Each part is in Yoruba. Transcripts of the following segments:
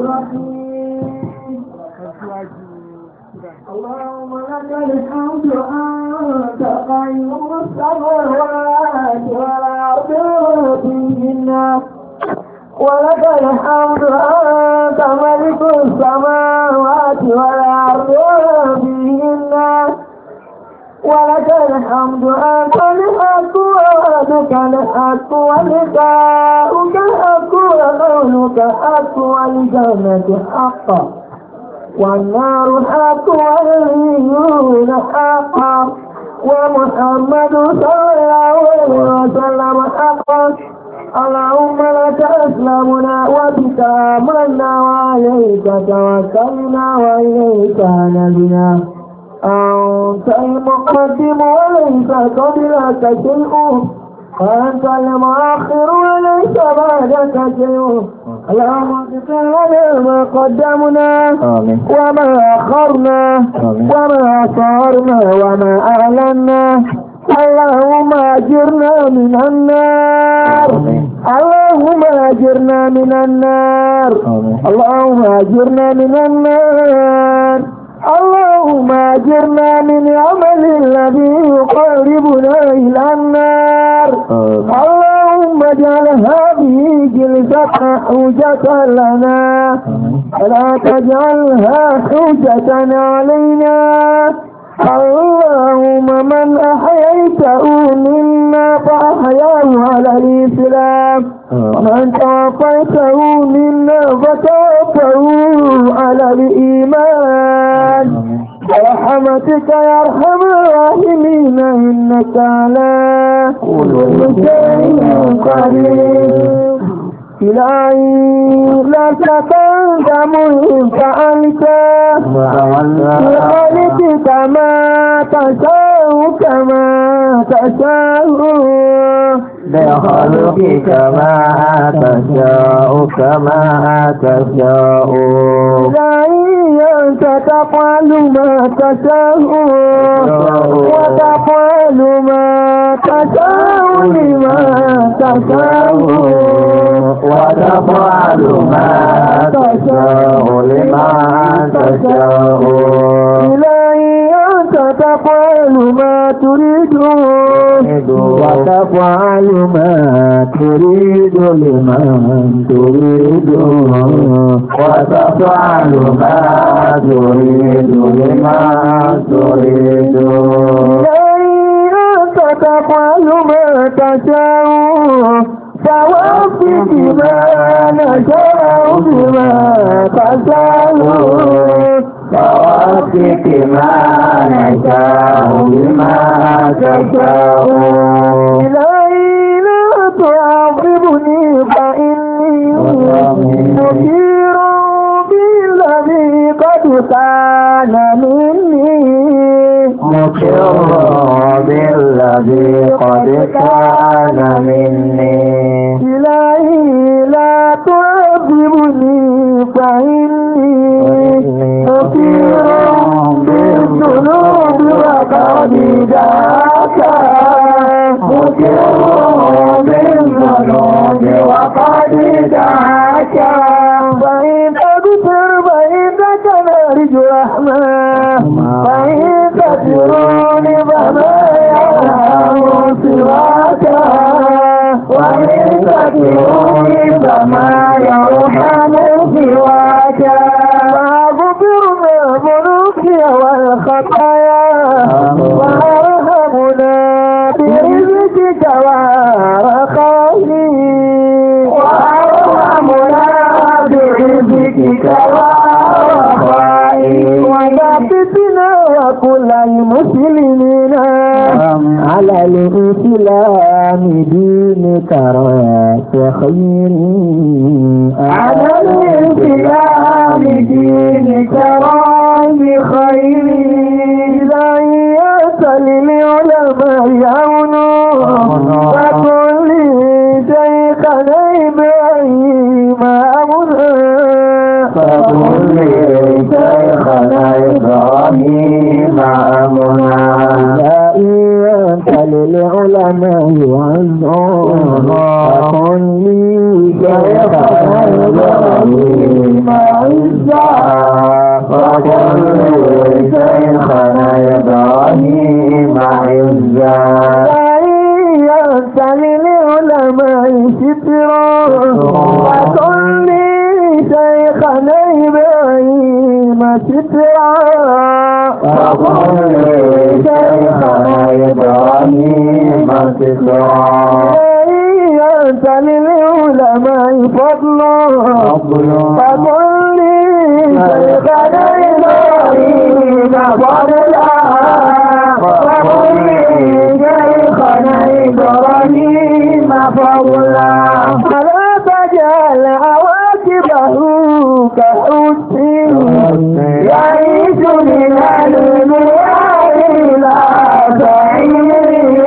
الرحيم اللهم لك الحمد أنت قيوم السماوات والأرض فيهن ولك الحمد أنت ملك السماوات والأرض فيهن ولك الحمد أنت الحق وعدك الحق ولقاؤك الحق وقولك حق والجنة حق والنار حق والنبيون حق ومحمد صلى الله عليه وسلم حق اللهم لك أسلمنا وبك آمنا وعليك توكلنا وإليك نبنا أنت المقدم وليس قبلك شيء وأنت المؤخر وليس بعدك شيء اللهم اغفر لنا ما قدمنا وما أخرنا وما أصهرنا وما أعلنا اللهم أجرنا من النار اللهم أجرنا من النار اللهم أجرنا من النار اللهم أجرنا من عمل الذي يقربنا إلى النار اللهم اجعل هذه جلسة حجة لنا ولا تجعلها حجة علينا اللهم من أحييته منا فأحياه على الإسلام آه. ومن توفيته منا فتوفه على الإيمان برحمتك يا أرحم الراحمين إنك على كل شيء قدير إلهي لا تقدم إن فعلت بخلقك ما تشاء كما تشاء بخلقك ما تشاء كما تشاء إلهي أنت تفعل ما تشاء تفعل ما تشاء لما تشاء إلهي أنت تفعل ما تريد وتفعل ما تريد لمن تريد وتفعل ما تريد لمن تريد تفعل ما تشاء وفق ما نشاء بما تشاءون ووفق ما نشاء بما تشاءون إلهي لا تعذبني فإني مكير بالذي قد كان مني مقرا بالذي قد كان مني إلهي لا تعذبني فإني كثير بالذنوب وقد جاءك مقر بالذنوب وقد جاءك فإن أغفر فإنك نرجو رحمة فإن يغفرون فما سواك وإن تكفرون فما يرحم سواك فأغفر من ذنوبي والخطايا وأرحمنا برزقك وأرحمني وأرحمنا برزقك وأرحمني مولى المسلمين على الإسلام دينك راسخين على الإسلام دينك راسخين إذا يصل العلماء يعون فكل شيخ نيب إمامنا فكل شيخنا إبراهيم إمامنا أنت للعلماء والنور فكن لي كيف تنظرني معزا فكن لي شيخنا يدعني معزا للعلماء سترا وكن لي شيخنا إبراهيم سترا فقل كيف إبراهيم سترا أنت للعلماء فضل فقل لي كيف إبراهيم فضلا فقل لي كيف إبراهيم فضلا فلا تجعل أولا كاتبه كحوت يعيش من المياه لا تعيش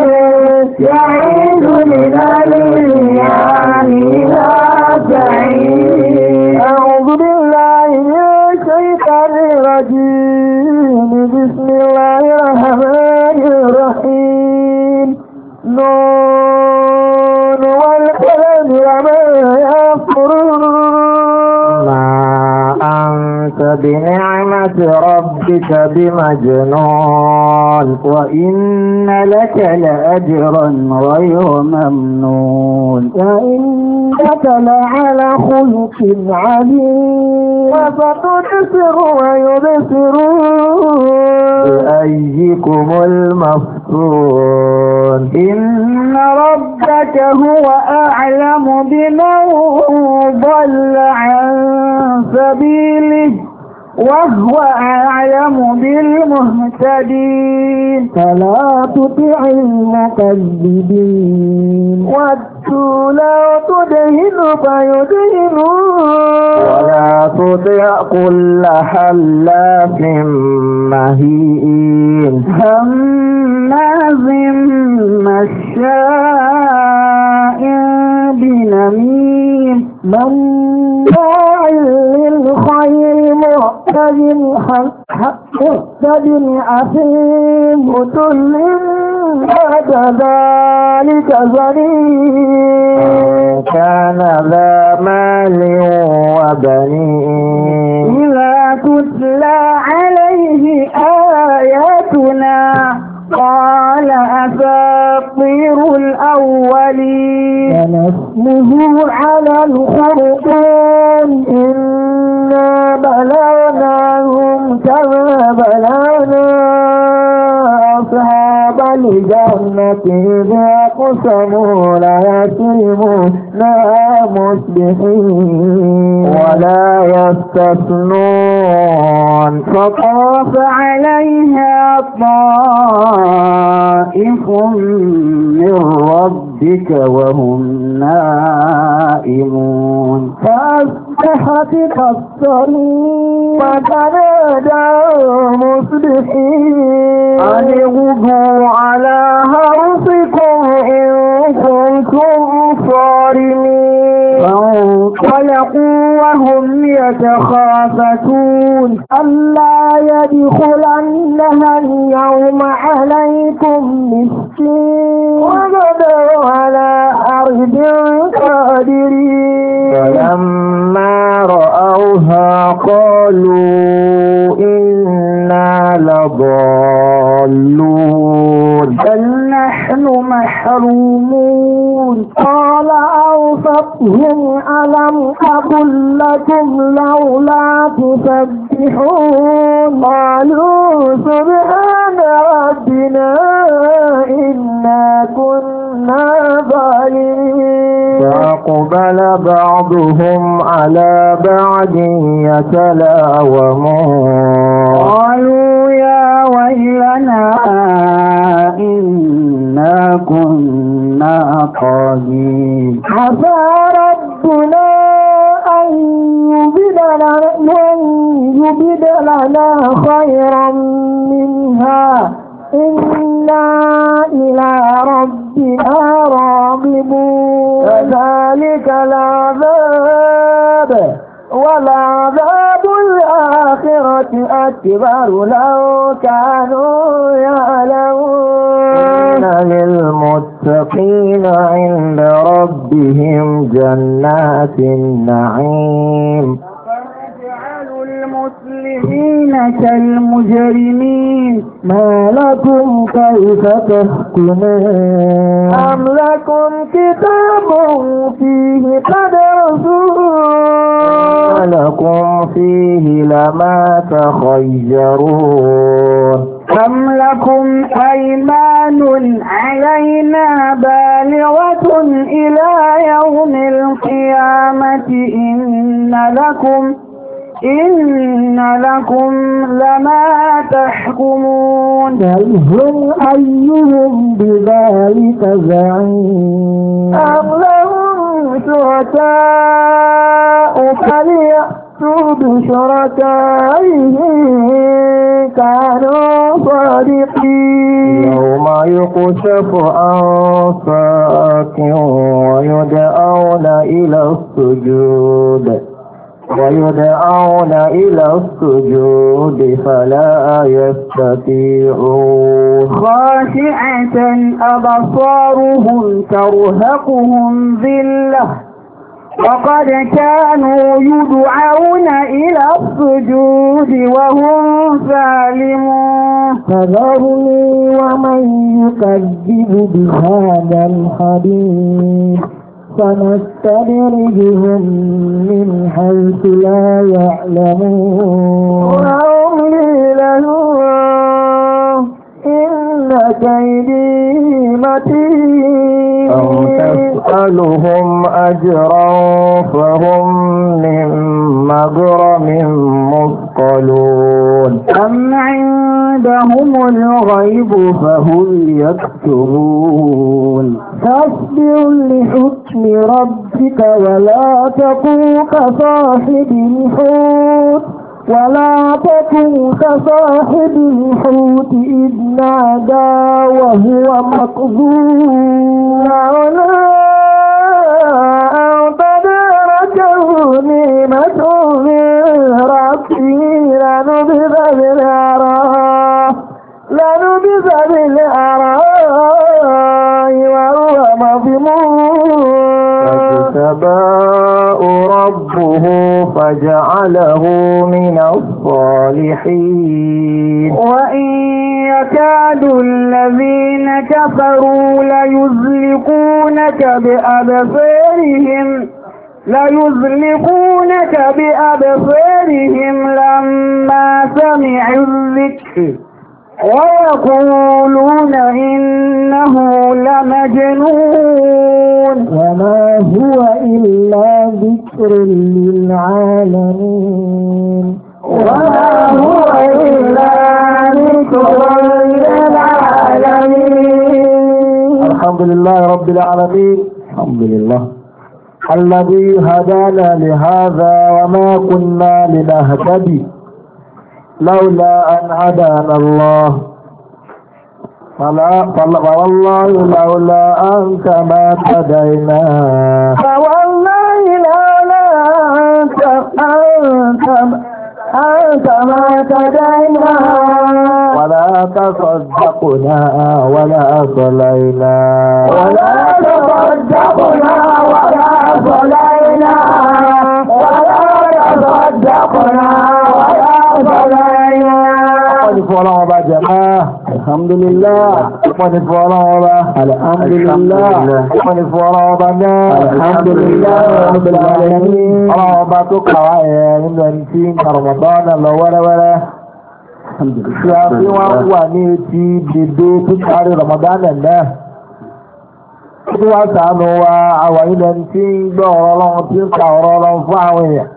يعيش من المياه لا أنت بنعمة ربك بمجنون وإن لك لأجرا غير ممنون وإنك لعلى خلق عليم فتنصر ويبصرون بأيكم المفتون إن ربك هو أعلم بمن ضل عن سبيله وهو أعلم بالمهتدين فلا تطع المكذبين ودوا لو تدهن فيدهنون ولا تطع كل حلاف مهين هماز مشاء بنميم من بالحق اهتد الأثيم كل بعد ذلك زنيم كان ذا مال وبنين إذا تتلى عليه آياتنا قال أساطير الأولين ونسمه على الخرطان إنا بلاغ بلانا الجنة إذا قسموا لا مصبحين ولا يستثنون فطاف عليها طائف من ربك وهم نائمون فأصبحت كالصريم فتنادى مصبحين أن اغدوا على حرصكم إن كنتم صارمين خلقوا وهم يتخافتون ألا يدخلنها اليوم عليكم مسكين وغدوا على أرض قادرين فلما رأوها قالوا إنا لضالون بل نحن محرومون قال أوسطهم ألم أقل لكم لولا تسبحون قالوا سبحان ربنا إنا كنا ظالمين فأقبل بعضهم على بعض يتلاومون قالوا يا ويلنا إنا كنا طاغين حسارة ربنا أن يبد لنا خيرا منها إنا إلى ربنا راغبون كذلك العذاب ولعذاب الآخرة أكبر لو كانوا يعلمون للمتقين المتقين عند ربهم جنات النعيم المسلمين كالمجرمين ما لكم كيف تحكمون أم لكم كتاب فيه تدرسون لكم فيه لما تخيرون أم لكم أيمان علينا بالغة إلى يوم القيامة إن لكم إن لكم لما تحكمون هم أيهم بذلك زعيم أم لهم شركاء فليأتوا فأتوا كانوا صادقين يوم يقشف أنفاك ويدعون إلى السجود ويدعون إلى السجود فلا يستطيعون خاشعة أبصارهم ترهقهم ذلة وقد كانوا يدعون إلى السجود وهم سالمون فذرني ومن يكذب بهذا الحديث سنستدرجهم من حيث لا يعلمون وأملي لهم كيدي متين أو تسألهم أجرا فهم من مغرم مثقلون أم عندهم الغيب فهم يكتبون فاصبر لحكم ربك ولا تكون كصاحب الحوت ولا تكن كصاحب الحوت إذ نادى وهو مقبول ولا تدركه النعمة من ربي لنبذ بالعراء لنبذ بالعراء وهو مظلوم ربه فجعله من الصالحين وإن يكاد الذين كفروا ليزلقونك بأبصارهم ليزلقونك بأبصارهم لما سمعوا الذكر ويقولون إنه لمجنون وما هو إلا ذكر للعالمين وما هو إلا ذكر للعالمين الحمد لله رب العالمين الحمد لله الذي هدانا لهذا وما كنا لنهتدي لولا أن هدانا الله فلا فوالله لولا أنت ما هدينا فوالله لولا أنت أنت أنت ما هدينا ولا تصدقنا ولا صلينا ولا تصدقنا ولا صلينا ولا تصدقنا Ọ̀pọ̀ni fún ọlọ́wọ́ bá jẹ máa. Alhamdulillah. Ọ̀pọ̀ni fún ọlọ́wọ́ bá. Alhamdulillah. Ọ̀pọ̀ni fún ọlọ́wọ́ bá náà. Alhamdulillah. Ọlọ́wọ́ bá tó kàwá ẹ̀ nínú ẹni tí ń karùmọ̀ bá náà lọ wẹ́rẹ́wẹ́rẹ́. Ṣé a fi wá wà ní etí dèdè tó kárí Ramadana náà? Tí wá sànù wa àwọn ilẹ̀ tí ń gbọ́ ọ̀rọ̀ ọlọ́run tí ń ka ọ̀rọ̀ ọlọ́run fún àwọn èèyàn.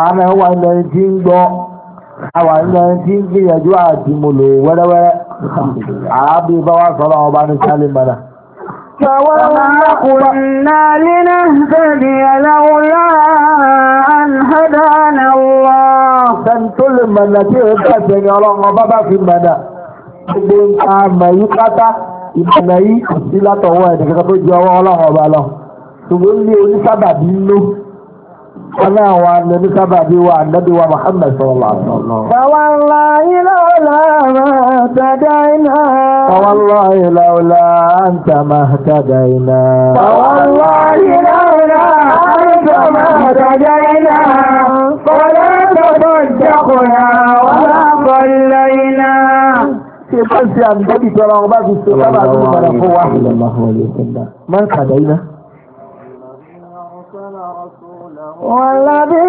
Àwọn ẹ̀wà ilẹ̀ tí ń gbọ́ àwa ilẹ̀ tí ń gbìyànjú àdìmúlò wẹ́rẹ́wẹ́rẹ́ àábí bá wá sọ́lọ́ ọba ní sálẹ̀ mọ́nà. فوما كنا لنهتدي لولا أن هدانا الله سنتل من نتيجة سنة الله بابا في منا gbogbo àmà yìí pátá ìmọ̀nà yìí kò sí látọwọ́ ẹ̀dẹ̀kẹ́kẹ́ tó jẹ́ ọwọ́ ọlọ́run ọba lọ ṣùgbọ́n ní onísábàbí ń aláwọn anẹ́bí sábàbí wa anẹ́bí wa Muhammad sọ̀rọ̀lá Fàwọ́lá ìlọ́lá tàdá iná. Fàwọ́lá ìlọ́lá àǹtàmà tàdá iná. Fàwọ́lá ìlọ́lá àǹtàmà tàdá iná. Fọ́lá tọ́tọ́ jẹ́kùnà wọ́lá fọ́lá iná. Ṣé bá ṣe àǹtàbí tọ́ra wọn bá fi ṣe sábàbí wọn fún wa? Mọ́ tàdá iná. والذي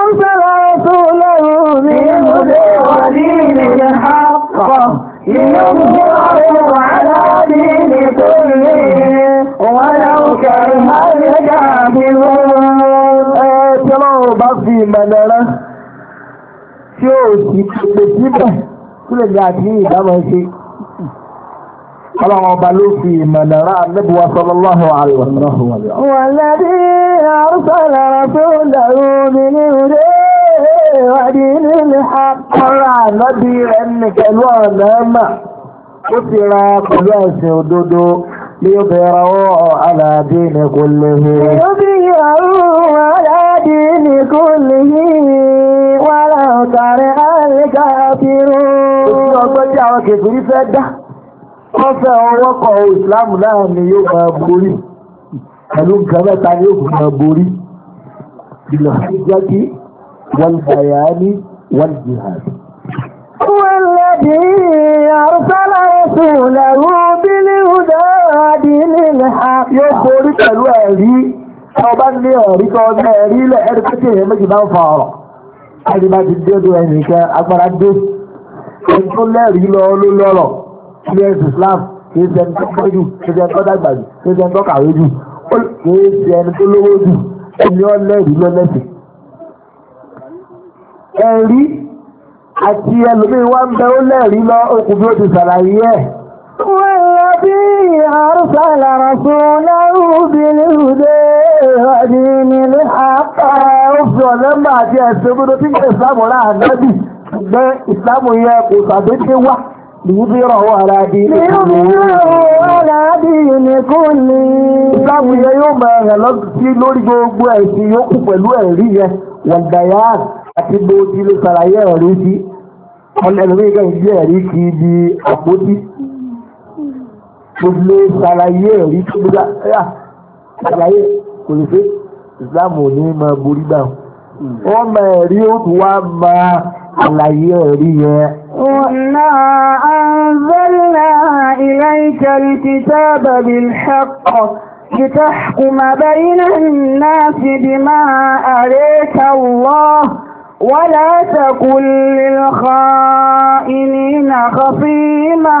أرسل رسوله بالهدى ودين الحق ليظهره على دين كله ولو كره الكافرون tí ọlọ́run bá fi ìmọ̀lẹ̀ rán tí ó sì pèsè síbẹ̀ kí lè ní àti ìdámọ̀ ṣe ọlọ́run ọba ló fi ìmọ̀lára anábìwá sallallahu alaihi wasallam. wàlẹ́bí àrùsọ̀lá rasulahu min huda wa dinil haqq. ọ̀rọ̀ ànábì ẹni pẹ̀lú ọ̀nà ẹ̀mà ó ti ra pẹ̀lú ẹ̀sìn òdodo bí ó bẹ̀rẹ̀ ọ̀ ala kullihi. ó bí ọ̀rùn kullihi wàlá ọ̀tàrẹ̀ àríkà àfihàn. ọgbọ́n tí àwọn kèfèrí fẹ́ dá wọ́n fẹ́ ọwọ́ kọ ìsìláàmù náà ni yóò máa borí pẹ̀lú nǹkan mẹ́ta ni yóò máa borí ìlọ ìjọ́kí wọ́n bàyà ní wọ́n jihad. والذي أرسل رسوله بالهدى ودين الحق يقول pẹ̀lú ẹ̀rí ọba ní ẹ̀rí kan ní ẹ̀rí ilẹ̀ ẹ̀rí pẹ́kẹ́ èèyàn méjì máa ń fa ọ̀rọ̀ ẹni bá ti dé ọdún ẹnìkan ilé ẹ̀sìn Islam kì í ṣe ẹni tó kéré jù kì í ṣe ẹni tó dàgbà jù kì í ṣe ẹni tó kàwé jù kì í ṣe ẹni tó lówó jù ẹni ọlẹ́rìí lọ́lẹ́sìn. ẹ̀rí àti ẹlòmíín wá ń bẹ ó lẹ́rìí lọ okùn bí ó ti ṣàlàyé ẹ̀. والذي أرسل رسوله بالهدى ودين الحق ọ̀fẹ́ ọ̀lẹ́mà àti ẹ̀sẹ̀ gbọ́dọ̀ tí ń tẹ̀ ìsìlámù rà nábì ṣùgbọ́n ìsìlámù yẹ kò sàdédé wá lìyúbírọ̀ wà láàdí nìkúnlì ìsáàmù yẹ yóò máa rẹ̀ lọ́sí lórí gbogbo ẹ̀sìn yòókù pẹ̀lú ẹ̀rí yẹn wọ̀gbàyà àti gbòdì lè ṣàlàyé ẹ̀rí sí ọ̀nà ẹ̀lẹ́gbẹ̀ẹ́ ìdí ẹ̀rí kì í di àpótí gbogbo ṣàlàyé ẹ̀rí tó gbogbo ṣàlàyé kò lè ṣe ìsáàmù ò ní máa borí wọ́n mọ ẹ̀rí ó tún إنا أنزلنا إليك الكتاب بالحق لتحكم بين الناس بما أريك الله ولا تكن للخائنين خصيما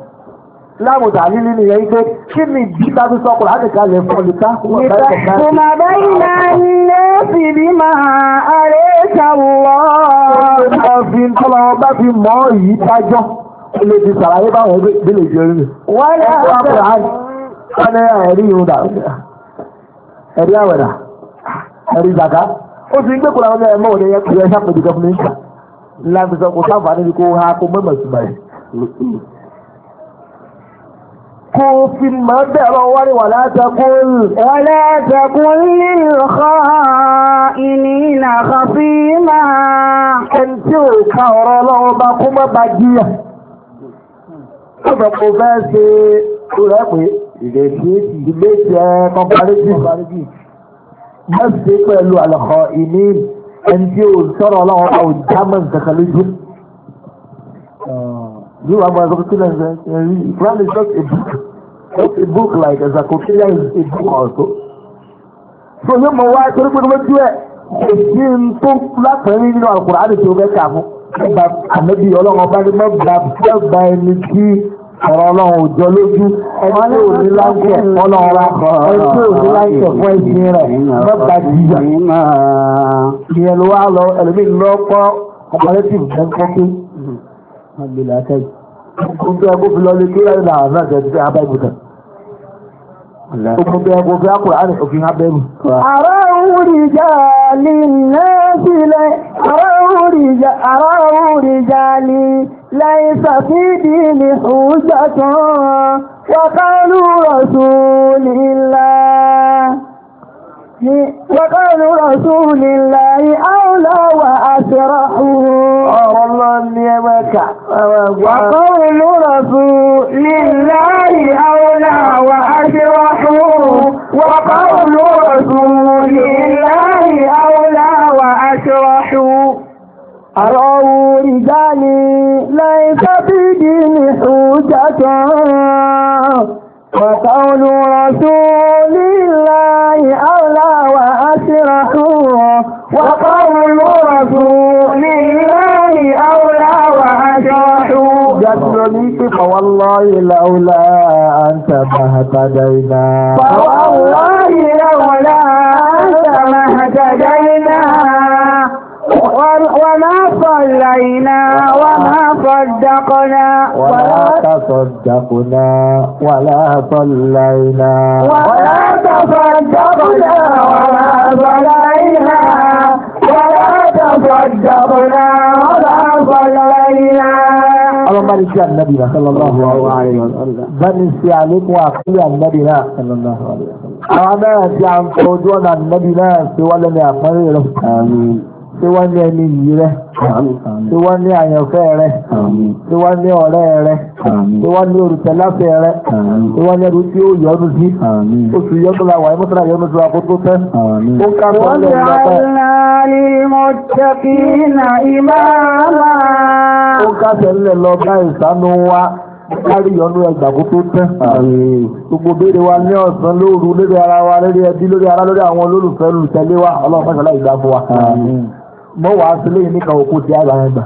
láàmùdà lílí nìyẹn yí pé kí ni ìdíta fi sọ kùránì kalẹ̀ báyìí náà lè fi bí máa ààrẹ ṣàwọ̀. ọ̀fìn tọ́lọ bá fi mọ́ yìí dájọ́ kí lè ti sàlàyé báwọn ẹgbẹ́ lè jẹ́ rí. wọ́n lè ẹ̀rí irun dà ẹ̀rí àwẹ̀dà ẹ̀rí zàká. ó ti ń gbé kùránì ẹ̀mọ́ òde yẹ kùrẹ́ sápẹ̀dì gọ́fúnmẹ́ntà láti sọ kó fi máa bẹ̀rọ wárí wà látàkùn wà látàkùn lílọ́kọ́ ìnìyàn àkàfí máa ẹni tí ó ká ọ̀rọ̀ ọlọ́run bá kó mọ́ bá jíyà ọ̀pọ̀ fẹ́ ṣe rẹ̀pẹ̀ ìrètí ìgbésí tí ó sọ̀rọ̀ ọlọ́run bá bí wàá máa sọ pé kílẹ̀ is just a book just a book like encyclopedia is a book also. so yóò mọ wá torí pé lójú ẹ kò sí n tó látàrí nínú Al-Quran àti tó bẹ́ẹ̀ kà fún nígbà àmẹ́bí ọlọ́run ọba ní mọ́gbà fẹ́ gba ẹni tí ọ̀rọ̀ ọlọ́run ò jọ lójú ẹni tí ò ní láńkì ẹ̀fọ́ ọlọ́run ra ẹni tí ò ní láńkì ẹ̀fọ́ ẹ̀sìn rẹ̀ mọ́gbà jìyà ìyẹn ló wá lọ ẹlòmíì lọ́pọ̀ comparative ẹ̀kọ́ pé àgbèlà àtẹ́yì ogun bí ẹgbó fi lọlé kí ẹ̀rọ àwọn náà tẹ̀sí abẹ́ ibùdó ogun bí ẹgbó fi ápùrọ̀ àrẹ òfin abẹ́ ibù. àrà òrìjà lè lẹ́sílẹ̀ àrà òrìjà lè lẹ́sà ní òjò tán wàkálù rọ̀sùn nílá. Wọ́kọ́rù rọ̀súùlì láyé áùlá wà àṣírọ̀ ọ̀rọ̀ lọ ní ẹmẹ́ka. Wọ́kọ́rù rọ̀súùlì láyé áùlá wà àṣírọ̀ Wọ́kọ́rù rọ̀súùlì láyé áùlá wà àṣírọ̀ أروا رجالي ليس في دين حجة وقول رسول لله أولى فوالله لولا أن ما فوالله لولا أنت ما اهتدينا وما صلينا وما صدقنا ولا تصدقنا ولا صلينا ولا تصدقنا ولا صلينا ولا تصدقنا ولا صلينا اللهم بارك في النبي صلى الله عليه وسلم بارك في عليك وعقيا النبي صلى الله عليه وسلم أنا في عن فوجونا النبي لا سوى لنا فريق آمين tí wọ́n ní ẹni yìí rẹ̀ tí wọ́n ní àyànfẹ́ rẹ̀ tí wọ́n ní ọ̀rẹ́ rẹ̀ tí wọ́n ní olùtẹ̀láfẹ́ rẹ̀ tí wọ́n ní ẹrú tí ó yọnu sí oṣù yọnu la wà ní sí àkókò tẹ́. ó ká bọ́ lọ bá ìsánú wa kárí yọnú ẹgbà kó tó tẹ́ gbogbo béèrè wa ní ọ̀sán lóru lórí ara wa lórí ẹbí lórí ara lórí àwọn olólùfẹ́ olùtẹ̀lé wa ọlọ́run fẹ́ ìgbà fún wa mọ́ wàá sílé yìí níka òkú ti àgbàlagbà.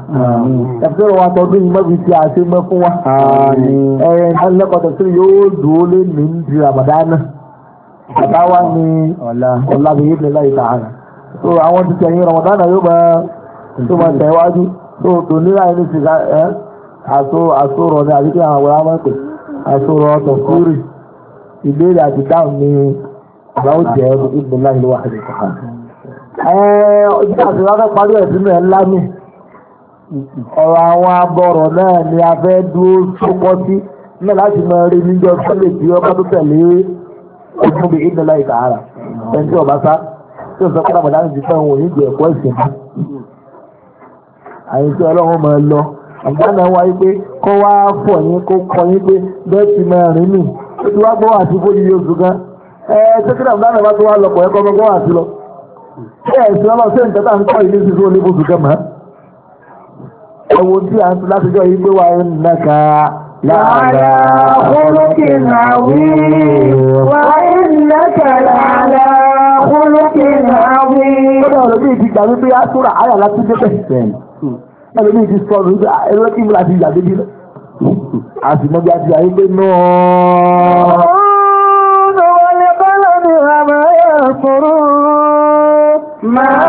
ẹ̀fẹ́ wa tọdún yìí mọ́bi ti àṣẹ mọ́ fún wa. ẹ̀rẹ̀ ìdánilẹ́kọ̀ọ́ tẹ̀sí yóò dúró lé mi ń di àbàdánà. bàbá wa ni ọ̀làbìyí nílá ìta àná. so àwọn ti tẹ̀yìn Ramadan yóò máa tó máa tẹ̀ wájú. so tò nílá yìí ní sìgá ẹ̀ àṣọ àṣọ rọ̀ ni àbíkí àwọn àwòrán máa ń pè àṣọ rọ̀ ọ̀tọ̀ kúrì ìbéèrè àti dáhùn ni àbáwò jẹ́ ibùdó láì lọ́wọ́ àdìsọ́ ọjọ́ àti wákẹ́ parí ẹ̀ sínú ẹ̀ ńlá mi ọ̀rọ̀ àwọn abọ̀rọ̀ náà ni a fẹ́ dúró sókọ́ sí náà láti mọ eré níjọ sọ́lẹ̀ tí ọkọ̀ tó tẹ̀lé ogun bíi ìdílé láì sàárà ẹni tí ọba sá tí ó sọ pé àmọ̀dá ti fẹ́ òun ìdí ẹ̀kọ́ ìsìn àyè tí ọlọ́run máa lọ àgbà náà wáyé pé kó wá fọ̀ yín kó kọ yín pé bẹ́ẹ̀ ti máa rìn mì ó ti wá gbọ́ àti fóyí oṣù gan ẹ̀ẹ́dẹ́gbẹ̀rún náà bá tó wá lọ pọ̀ ẹ̀kọ́ ọmọ gbọ́ àti lọ bẹ́ẹ̀ ìsìn ọlọ́sẹ̀ nǹkan tá à ń kọ́ ilé sísú olé bóṣù kama ẹ̀wọ̀n tí a ń sọ látijọ́ yìí pé wà ń nàka láàlá kúlókè nàwí wà ń nàka láàlá kúlókè nàwí. kódà ọ̀rọ̀ bíi ti gbà wípé a tóra àyà láti débẹ̀ ẹ̀rọ bíi ti a sì mọ bí a ti yà wípé náà. ọ̀rọ̀ wọlé bá lọ́nà àmọ́ ẹ̀rọ sọ̀rọ̀. ما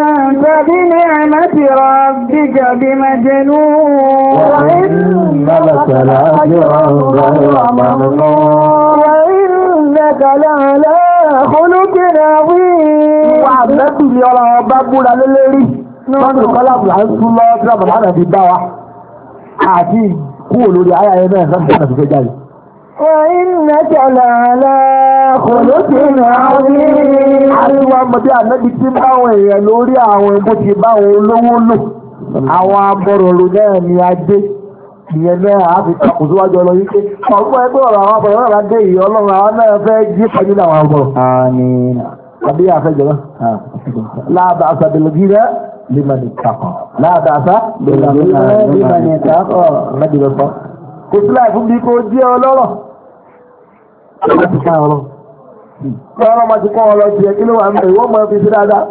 أنت بنعمة ربك بمجنون وإنك لأجرا غير ممنون وإنك لعلى خلق عظيم وعبدت يرى بابو لليل lọ́nà kọ́lá àbùrà ń tún lọ́ وإنك لعلى خلق عظيم Àríwá Mọ̀dé Ànábì tí báwọn èèyàn lórí àwọn ẹbú ti báwọn olówó lò. Àwọn Ìyẹn náà a fi kàkù síwájú ọlọ ọgbọ́n ẹgbẹ́ ọ̀rọ̀ àwọn abọ̀rọ̀ náà dé ìyẹn ọlọ́run àwọn náà fẹ́ jí pẹ̀lú àwọn abọ̀rọ̀. Àbí àfẹ́jọ náà. Láàbà àṣàbẹ̀lẹ̀gí rẹ̀ liman ọlọ́pàá ọ̀rọ̀ ọ̀rọ̀ ma ti kọ́ ọ̀rọ̀ ti ẹ̀ kí ló wà ń bẹ̀ wọ́n mọ̀ fi sí dáadáa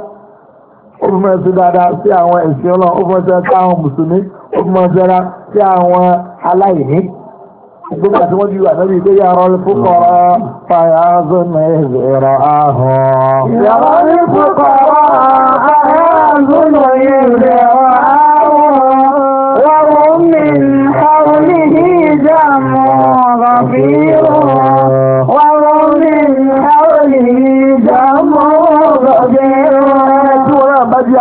ó fi mọ̀ sí dáadáa sí àwọn ẹ̀sìn ọlọ́ ó fi mọ̀ sí dáadáa sí àwọn mùsùlùmí ó fi mọ̀ sí dáadáa sí àwọn aláìní gbogbo àti wọ́n ti wà lórí pé yàrá olùfúkọ̀rọ̀ fàyàzó ní ìrọ̀ ahọ́. yàrá olùfúkọ̀rọ̀ fàyàzó ní ìrọ̀ ahọ́. wọ́n mú mi ní àwọn onídìí ìjà mọ́ ọ̀rọ̀ fi rọ̀.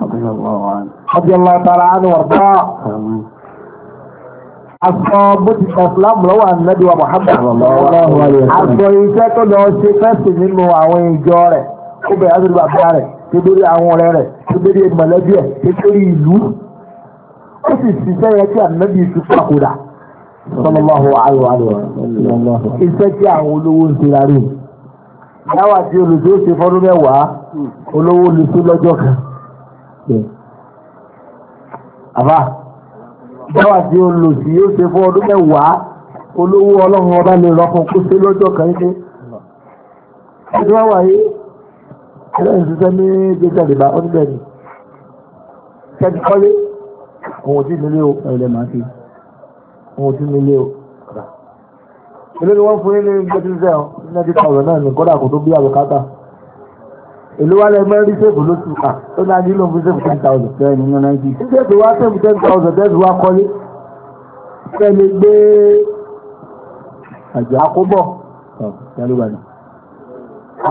رضي الله تعالى عنه وارضاه Aṣọ bó ti sọ fúlámù lọ́wọ́ ànábì wa Muhammad. Aṣọ iṣẹ́ tó lọ ṣe fẹ́sì nínú àwọn ìjọ rẹ̀. Ó bẹ̀rẹ̀ láti bàbá rẹ̀, tó dórí àwọn ọ̀rẹ́ rẹ̀, tó dórí mọ̀lẹ́bí ẹ̀, tó dórí ìlú. Ó sì ṣiṣẹ́ yẹ kí ànábì ti pàkódà. Sallallahu alaihi wa sallam. Iṣẹ́ tí àwọn olówó ń ṣe lárí. Yáwà tí olùsọ́ ṣe fọ́dún mẹ́wàá, olówó olùsọ́ lọ́jọ́ kan àbá dáwà tí ó lò sí yóò ṣe fún ọdún mẹ́wàá olówó ọlọ́run ọba lè rọ́kùn kó sí lọ́jọ́ kan ṣe ẹni wá wáyé ẹlẹ́yìn ṣiṣẹ́ ní gbẹ́jà lè bá oníbẹ̀ ni kẹ́ni kọ́lé òun tí nílé o ẹ̀rẹ̀ máa fi òun tí nílé o ilé ni wọ́n fún yín ní gbẹ́jú sẹ́ọ̀ ní ẹ̀jẹ̀ kan ọ̀rọ̀ náà ní kọ́dà kò tó bí àbùkátà èló wá lẹ́ mẹ́rin ṣèbù lóṣù à ó náà nílò fún ṣèbù ten thousand fẹ́ nínú nàìjíríà ṣèbù wá ṣèbù ten thousand fẹ́ fi wá kọ́lé fẹ́ni gbé àjọ àkóbọ̀ ṣàlùbàdì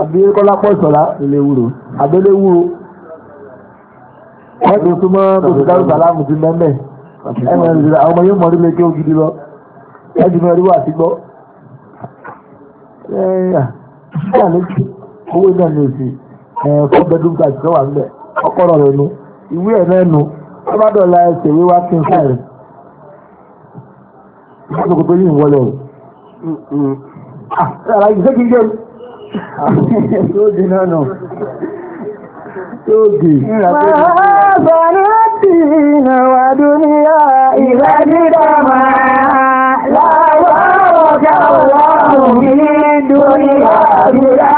àbí kọ́lápọ̀ ìṣọ̀lá eléwúro àbẹ́léwúro wọ́n ti súnmọ́ bóṣù dárú sàlámù sí mẹ́mẹ́ ẹ̀mẹ́ ìrìnà àwọn ọmọ yóò mọ̀ nílé kí ó gidi lọ ẹ̀jù mẹ́rin wà sí gbọ́ ẹ̀yà owó náà ní òsì four bedroom flat kan wà níbẹ̀ ọkọ̀rọ̀ rẹ̀ nu ìwé ẹ̀ náà nu ọbádọ́lá ẹsẹ̀ wíwá kí n káyìí ìbáṣepọ̀ tó yìí ń wọlé o. àrà ìṣe kìí jẹun. yóò di náà nù. yóò di. máa bọ̀ ní ti ìnà wà dúníyà ìlà dídá máa láwọ̀ ọ̀gá ọ̀wọ́ òmìnir dúníyà dídá.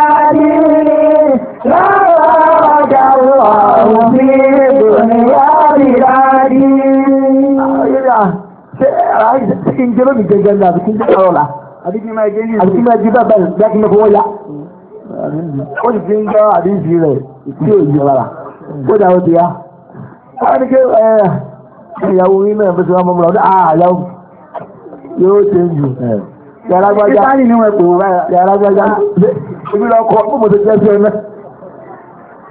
ọ̀rọ̀ sí ìbòmíyá ìrárí. ti yá. Wọ́n ní kí yóò ṣe jù. Yàrá gbájá. Ìbáyìí ni wọ́n pè wọ́n báyà. Yàrá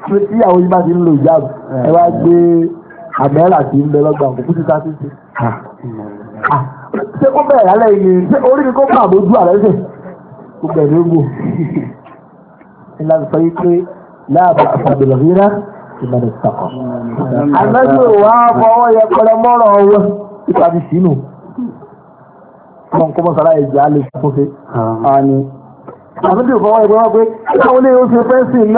pé tí àwọn yìí bá ti ń lo ìjáàbù eh. ẹ bá gbé àmẹ́rà tí ń bẹ lọ́gbà òkú títà títí. Ah, ṣé kó bẹ̀rẹ̀ lálẹ́ yìí ni ṣé orí ni kó bà bójú àrẹ́ sẹ̀ kó bẹ̀rẹ̀ ó gbò. ilá sọ yìí pé láàbà àfàbẹ̀lẹ̀ rírá ìmọ̀lẹ̀ sọ̀kọ̀. àmẹ́sẹ̀ wà á fọwọ́ yẹ pẹ̀lẹ́ mọ́rọ̀ ọwọ́ ipa ti sínú. wọn kọ́ mọ́ sára ẹ̀jẹ̀ á lè fọ́fẹ́. àmì àmì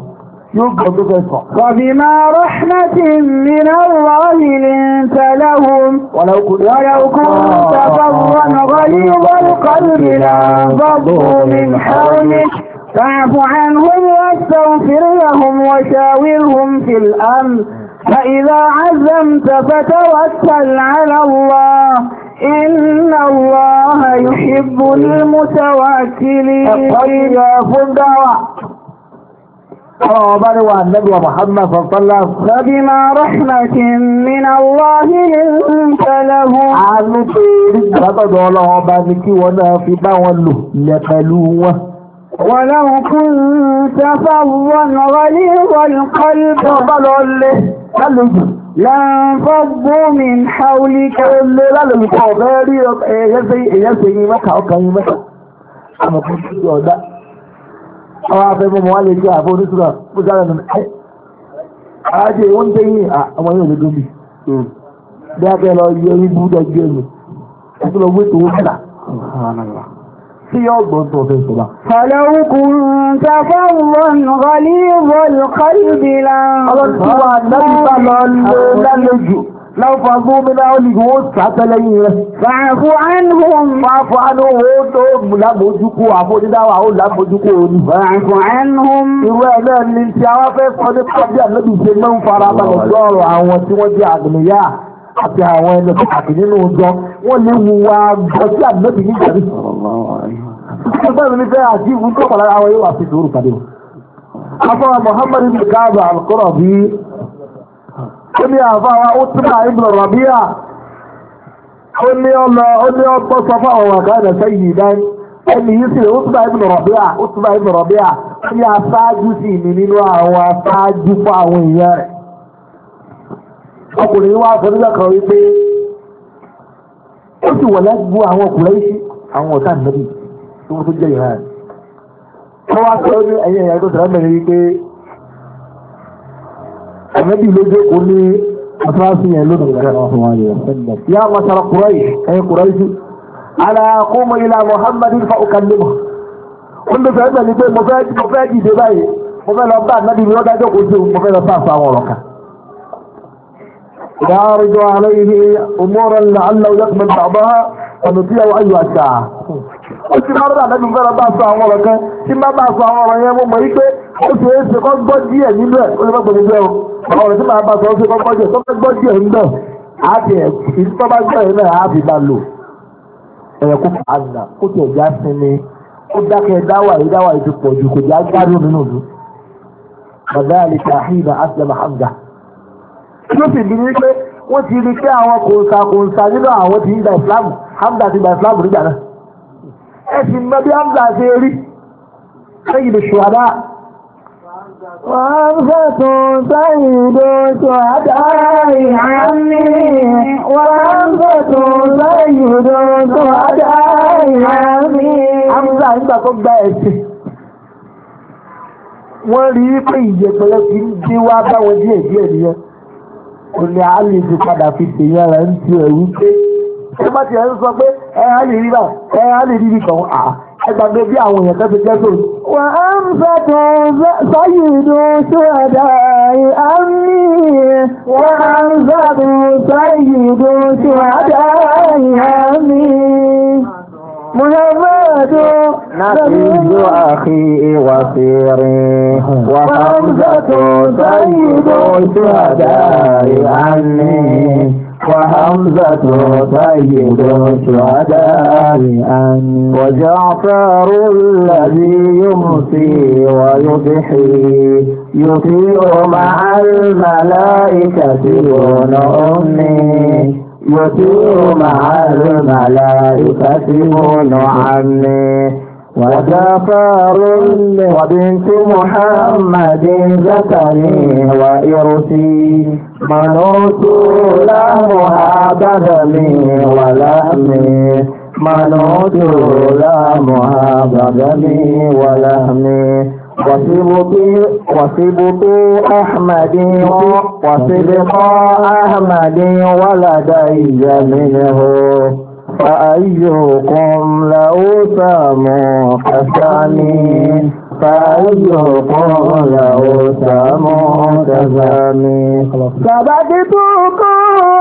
وبما رحمة من الله لنت لهم ولو كنت, ولو فظا آه. غليظ القلب لانفضوا من حولك فاعف عنهم واستغفر لهم وشاورهم في الأمر فإذا عزمت فتوكل على الله إن الله يحب المتوكلين وبروا النبي محمد صلى الله عليه وسلم فبما رحمة من الله لنت له عالتي رضا الله بانك ونافبا ولو لقلوه ولو كنت فظا غليظ القلب فضل له لانفضوا من حولك اللي لا لم تغيري يسي يسي مكة وكيمة أما كنت أقول àwọn afẹ́fẹ́ mọ́ wá lè jẹ́ àfọ́ oníṣúra bó dára nù ẹ́ àájẹ́ wọ́n dé yìí àwọn yóò lè dóbi bí a kẹ́ lọ yẹ ibú dẹ́gbẹ́ mi ẹ̀tọ́ lọ wé tòun mẹ́ta tí yóò gbọ́n tó fẹ́ sọ́ba. Fọlọ́wùkùn tafọ́wọ́n rọlí wọlùkọ́ ìbìlà. Ọlọ́tí láwùfà gómìnà olùgbò ó sàtẹlẹyìn rẹ. fàáfù ànhùn. fàáfù ànhùn ó tó lábójúkú àfojúdáwà ó lábójúkú òní. fàáfù ànhùn. ìwé ẹ̀lẹ́ ni tí a wá fẹ́ sọ ní pàdé ànábì ṣe máa ń fara balẹ̀ sọ̀rọ̀ àwọn tí wọ́n jẹ́ àgbìnìyà àti àwọn ẹni pàtàkì nínú ọjọ́ wọ́n lè wu wa gbọ́ sí ànábì nígbà rí. ṣùgbọ́n mi fẹ́ àti ìwúkọ̀ pàlára àwọn yóò wà sí ìdúró kàdé. afọ onu ní àfáwà ó túnbà ibn Rabi'a ó ní ọlọ ó ní ọgbọ́ sọ fáwọn ọ̀gá ẹ̀dẹ̀ sẹ́yìn dání ẹni yìí sì ó túnbà ibn ó ní sí nínú àwọn fún àwọn èèyàn rẹ̀ ọkùnrin wa sọ nígbà kan wípé ó sì wọ̀lẹ́ bu àwọn ọkùnrin sí àwọn ọ̀tá nàbì tó wọ́n tó jẹ́ ìhàn. ànábì lójú kò ní afurasí yẹn lónìí rẹ̀. yá masara kurai ẹ̀yin kurai sí. ala qumu ila muhammadu fa ukallimu. ó ní fẹ́ bẹ̀ ni pé mo fẹ́ dìde báyìí mo fẹ́ lọ bá ànábì mi lọ́dájọ́ kò sí mo fẹ́ lọ bá àfa àwọn ọ̀rọ̀ kan. يعرض عليه أمورا لعله يقبل بعضها فنطيع أيها الساعة ó ti máa rọ́dà lẹ́nu fẹ́ràn bá sọ àwọn ọ̀rọ̀ kan tí má bá sọ àwọn ọ̀rọ̀ yẹn mo mọ̀ yí pé ó ṣe é ṣe kọ́ gbọ́ díẹ̀ nínú ẹ̀ ó ṣe fẹ́ gbòmìnira o àwọn ọ̀rọ̀ tí màá bá sọ ó ṣe kọ́ gbọ́ díẹ̀ tó fẹ́ gbọ́ díẹ̀ nínú ẹ̀ á ti ẹ̀ kí tó bá gbọ́ yẹn náà á fi máa lò ẹ̀yẹ kó fà á nà kó tiẹ̀ já sinmi ó dákẹ́ dáwà yìí dáwà yìí ti pọ̀ ju kò já gbádùn nínú ìlú bàdáàlì tàhíìnà aslama hamza kí ló sì bí ní pé wọ́n ti rí pé àwọn kòǹsà kòǹsà nínú àwọn ti ń gba ìsìlámù hamza ti gba ìsìlámù nígbà náà ẹ̀sì mọ́ bí Hamza ṣe rí lẹ́yìn ṣùwádá wọ́n fẹ́ tún sẹ́yìn lóṣù àdáyé àmì wọ́n fẹ́ tún sẹ́yìn lóṣù àdáyé àmì Hamza nígbà tó gba ẹ̀sìn wọ́n rí pé ìyẹ̀pẹ̀lẹ́ fi ń dé wá báwọn díẹ̀ díẹ̀ nìyẹn kò ní àálejò padà fi tèèyàn rẹ̀ ń tiẹ̀ wípé ẹ bá tiẹ̀ ń sọ pé ẹ á lè rí bá ẹ á lè rí bí kan à ẹgbàgbé bí àwọn èèyàn tẹ́sí jẹ́ sóòrò. wà á ń fẹ́kẹ̀ sáyé ìdún ṣúhàdá àmì wà á ń fẹ́kẹ̀ sáyé ìdún ṣúhàdá àmì محمد نبي أخي وصيري وحمزة سيد شهداء عني وحمزة سيد الشهداء وجعفر الذي يمسي ويضحي يطير مع الملائكة دون أمي يطير مع الملائكة دون عمي وجفار وبنت محمد زكري وإرسي من له بدمي ولهمي من له بدمي ولهمي وصبت أحمد وصبت أحمد ولدي منه فأيكم له سامو كسامي فأيكم له سامو كسامي سبقتكم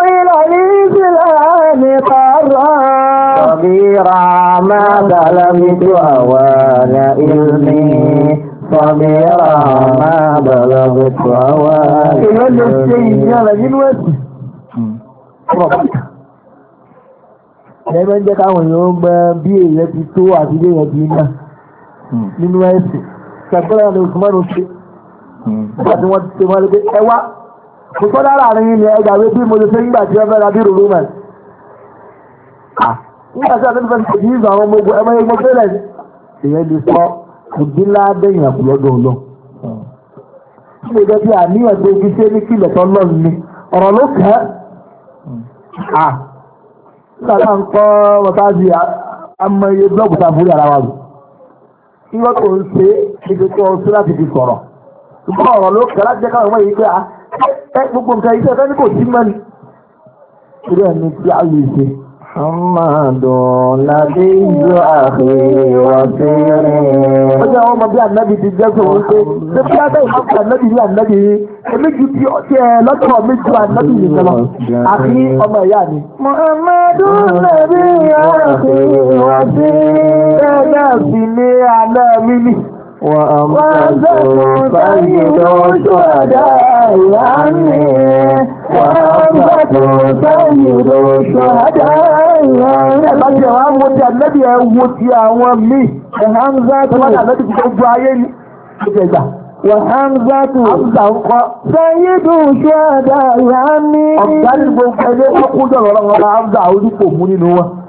إلى الإسلام قرار صغيرا ما بلغت أوان علمي صغيرا ما بلغت أوان علمي ẹ̀ máa ń jẹ́ káwọn èèyàn mọ bí èèyàn ti tó àti bí èèyàn ti ná nínú ẹ̀sìn ṣàgbọ́n ní Usman ṣe hmm. nígbà tí wọ́n ti wọ́n lé pé ẹ wá kò sọ dára àárín ilẹ̀ ẹgbà wí bí mo ṣe ṣe nígbà tí wọ́n fẹ́ ra bí rúrú mọ̀ nígbà tí àtẹ́tẹ́ fẹ́ẹ́ ṣèjì ìzọ àwọn ọmọ ogun ẹmọ fẹ́lẹ̀ èèyàn lè sọ ìdílá dẹ̀yìn àpòlọ́dọ̀ tàbí ǹkọ́ wọ́tájì àmọ́ iye a ara wa lò ìwọ́n tó ń ṣe ibi tó ń ṣe láti Muhammadu Nabiyyu akhi wasiri. Ó jẹ́ àwọn ọmọ bí ànábì ti jẹ́ sọ wípé, ṣé bí abẹ́ ìmọ̀kì ànábì ní ànábì yìí, èmi ju ti ọtí ẹ lọ́tọ̀ mi ju ànábì yìí jẹ́ lọ. Àfi ọmọ ìyá mi. Muhammadu Nabiyyu akhi wasiri. Bẹ́ẹ̀ náà sì وأمسكوا فاجدوا شهداء عني وأمسكوا فاجدوا شهداء عني Ẹgbàjẹ́ wọn á wo ti àlẹ́bí ẹ wo ti àwọn míì. Ẹ̀hánzá tó wọ́n àlẹ́bí ti gbogbo ayé ni. Ìjẹ̀gbà. Wàhánzá tó. Àbúzà ń kọ́. Sẹ́yìn dùn ṣẹ́ àdá ìhání. Ọ̀gá ní gbogbo ẹgbẹ́ ọkùnrin ọ̀rọ̀ wọn. Àbúzà orí kò mú nínú wọn.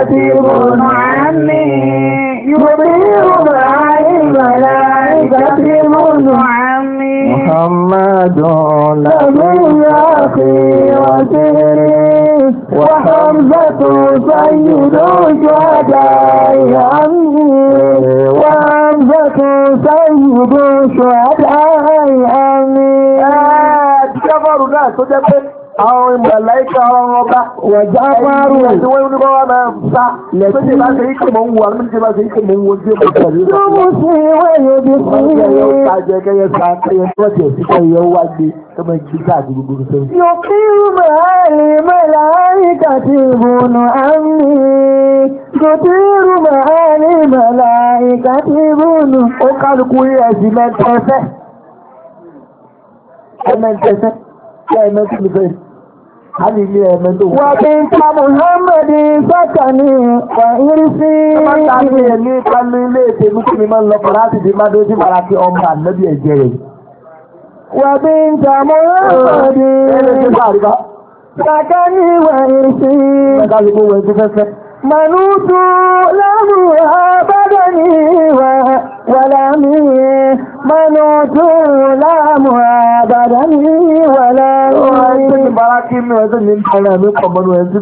كثير عني يطير معي الملائكة من عمي محمد نبي أخي وسيري وحمزة سيد شهدائي عمي وحمزة سيد شهدائي عمي آه، كفروا ناس وجبت àwọn màláìka ọ̀rọ̀ ọba wàjá fáàrù àti wọ́n ní bọ́wọ́ máa ń sá lẹ́tí bá ṣe ike mọ̀ ń wo àmì bá ṣe ike mọ̀ ń wo sí ọmọ ìtàgé ìgbà. lọ́mú sí wáyé bí sí i. ọjọ́ yóò ká jẹ kẹyẹ sá kẹyẹ tọ́jú ẹ̀sìn kẹyẹ ó wá gbé ọmọ ìgbé káàdì gbogbo sẹ́yìn. yòókì màálì màláìka ti bùnú àmì yòókì màálì màláìka ti bùnú. ó kálukú ẹ̀sìn mẹ́tẹ́fẹ́ ẹ̀mẹ́tẹ́fẹ́ ẹ̀mẹ́tẹ́fẹ́ Hali ilé ta Mùhàmmadi sọ́kà ní ìwà irisí. Ọmọ ta ní ẹ̀mí ilé ètè mú kí mi máa lọ pọ̀ láti di Mádó sí Maraki ọmọ ànábì ẹ̀jẹ̀ rẹ̀. Wà ta Mùhàmmadi. Sọ́kà ní ìwà irisí. Mẹ́ta ló mú wẹ̀ tó fẹ́fẹ́. Mànútù lẹ́rù àb بدني ولمي منوت لا معبدني ولا أعيد بارك الله فيك أنا مكمن وأنت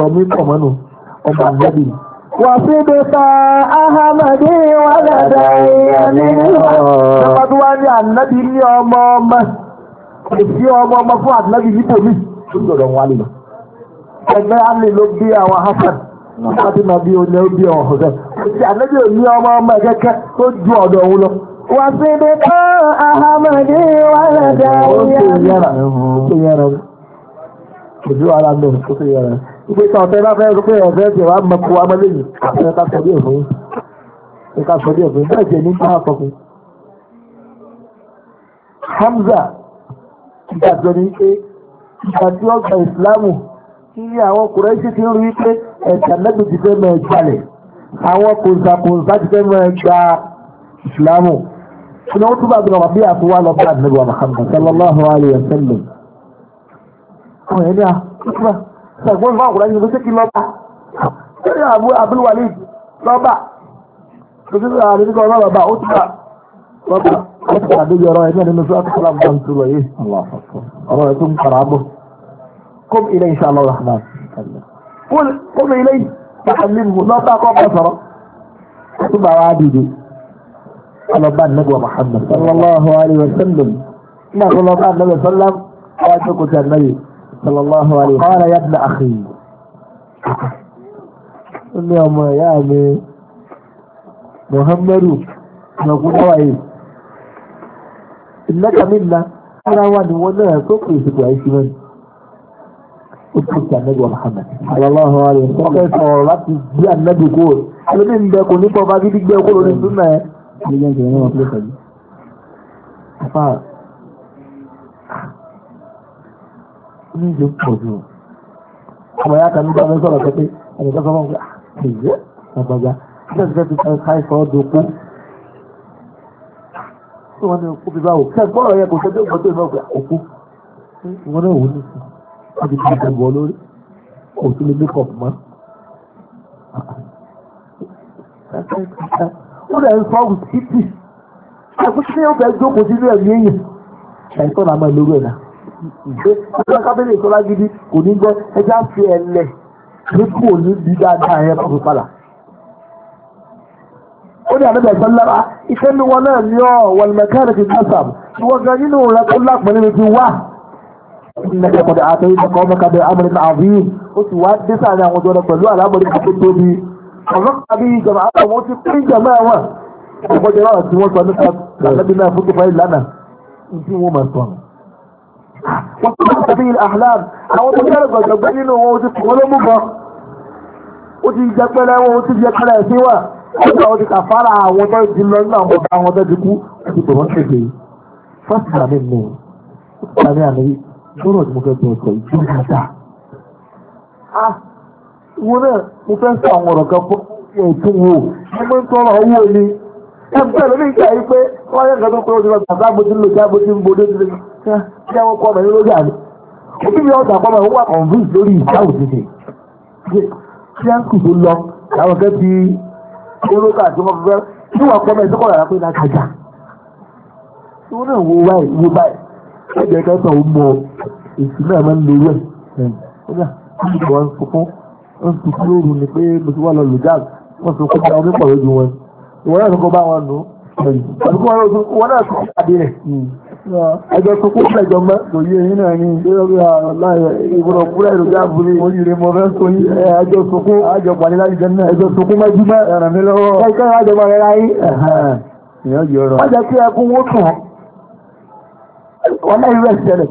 مكمن ọba àgbẹ̀bì. Wàsíbìta Ahamadi wàlàdà ìyàní. Ṣọ́pá tó wá ní ànábì ní ọmọ ọmọ. Kò ọmọ ọmọ fún ànábì nípò mi. Ó sọ̀rọ̀ wọn lè lọ. Ẹgbẹ́ Alè ló gbé àwọn Hassan láti máa bí oní ẹbí ọ̀hún rẹ̀ òsì ànábì òní ọmọ ọmọ ẹ̀kẹ́kẹ́ tó ju ọ̀dọ̀ òun lọ. wàsíbi kọ́ ahamadi wàlẹ̀dà ìyára. ojú ara mi ò tó yára. ìgbé tí ọ̀fẹ́ bá fẹ́ rú pé ọ̀fẹ́ ti wàá mọ̀ kó wa mọ́ lẹ́yìn àfẹ́ pé ìgbà kí àwọn kùrẹ́sì ti ń rí pé ẹ̀sà lẹ́bi ti fẹ́ mọ̀ ìjàlẹ̀ àwọn kòǹsàkòǹsà ti fẹ́ mọ̀ ẹgbà ìsìlámù kí ni wọ́n túbọ̀ àbúrò wà bí àfiwá lọ bá àdínẹ́gbà Muhammad sallallahu alayhi wa sallam. ọmọ yẹn ní à kíkúrà sàgbọ́n fún àkùrẹ́sì ló ṣe kí lọ́ba kí ni Abdul Walid lọ́ba kò sí àdínkù ọlọ́ba ó ti bá lọ́ba ó ti bá àdéjọ́ ọ̀rọ̀ قم إليه إن شاء الله الرحمن قل قم إليه فحلمه لا تقوم بصره ثم عادي على بان نبوة محمد صلى الله عليه وسلم ما صلى الله عليه وسلم وأشكر النبي صلى الله عليه وسلم قال يا ابن أخي ní ọmọ ìyá mi Muhammadu ọ̀gbọ́n wáyé ìlẹ́kàmílà ara wa ni wọ́n náà tó kìí ṣùgbọ́n àìsí ojúṣe ànábì wa Muhammad aláwọ àlẹ wọn fẹẹ sọ̀rọ̀ láti gbé ànábì kó ẹlẹmí ń bẹ kò ní pọfà gidi gbé kó lórí súnmọ́ ẹ. Afa ní ìlú pọ̀ jù ọmọ ya kan ní bá mi sọ̀rọ̀ pẹ́pẹ́ ẹni tó sọ́mọ́ pé ẹ̀yẹ́ àgbàgbà ṣé ṣe ti ká ìfọ́ dòkú. Ṣé wọ́n ní òkú bíbá òkú? Ṣé gbọ́dọ̀ yẹ kò ṣe dé òkú tó ìfọ́ òkú? Wọ́n náà wò ó nìkan láti fi ìtàn bọ̀ lórí òtún lè mékọ̀ mọ́. ó lè sọ ọ́hún títì ẹ̀kúsí ní ọ̀bẹ jókòó sínú ẹ̀mí èèyàn ẹ̀tọ́ náà máa lórí ẹ̀ náà. ọjọ́ kábẹ́lẹ̀ ìtọ́lá gidi kò ní gbọ́ ẹja fi ẹ̀lẹ̀ ní kò ní bí dáadáa ẹ̀ bá fi padà. ó ní àdébẹ̀ ẹ̀sán lára iṣẹ́ ní wọn náà ní ọ̀ wọ̀lùmẹ̀kẹ́rì ti dá sàm ìwọ̀n gan nínú rẹ̀ tó lápẹ̀ nínú ti wá. إنك قد آتيت قومك بأمر عظيم أسوات تسعة يا مدونة فلو على أمر كتبي فرقت به جماعة وتقي جماعة وقد رأى سوى صنفة الذي لا يفوت فيه لنا إنتي وما صنع وصنفت به الأحلام أو تجرب جبين ووجدت ولا مبا وتي جبلا وتي جبلا سوى ọjọ́ ọdún kàfàrà àwọn tó ti lọ nínú àwọn ọ̀dà àwọn ọ̀dà ti kú ó ti bọ̀ wọ́n kéde fásitì àmì mú ó ti sàmì àmì yìí lọ́rọ̀ tí mo fẹ́ bọ̀ sọ ìjú níta. Ah, ìwọ náà mo fẹ́ sọ àwọn ọ̀rọ̀ kan fún ẹ̀tún wo, mo máa ń tọrọ owó ni. Ẹ bẹ́ẹ̀ lórí ìjà yìí pé wọ́n yẹ nǹkan tó pé oṣù lọ́sà sábò tí ń lò jábò tí ń bodé ti ṣe àwọn ọkọ ọ̀rọ̀ lórí àná. Òbí mi ọ̀sà pọ̀ máa ń wà convince lórí ìjà òdìdì. Ṣé ń kù tó lọ àwọn kan ti olóògbé àti wọn fẹ́ tí wọ́n pọ̀ mẹ́ sọ́kọ̀ rárá pé náà kájà. Ìwọ náà wo báyìí wo báyìí ẹ̀jẹ̀ kẹsàn-án ó mú ọ èsì náà máa ń lo owó ẹ̀ ọjà kí ìwọ ń sọ fún ń sọ fún lóru ni pé mo ti wá lọ lò jáàz wọ́n sọ fún ọjà onípọ̀ lójú wọn ìwọ náà sọkọ bá wọn nù àdúgbò wọn náà sọ fún rẹ̀ hmm. ẹjọ tó kó fún ẹjọ mọ kò yé yín náà ní ìwúrọ kúrẹ ìlú jáàbù ni oríire mo fẹ́ sọ yín ẹjọ sunkún ẹjọ pàdé láti jẹ náà ẹjọ sunkún mẹjú mẹ ẹràn mi lọ́wọ́ ẹjọ ìwájọ máa rẹ láyé ìyànjú ọ̀rọ̀ wọn jẹ kí ẹkún wó kàn wọn náà irú ẹ ṣẹlẹ̀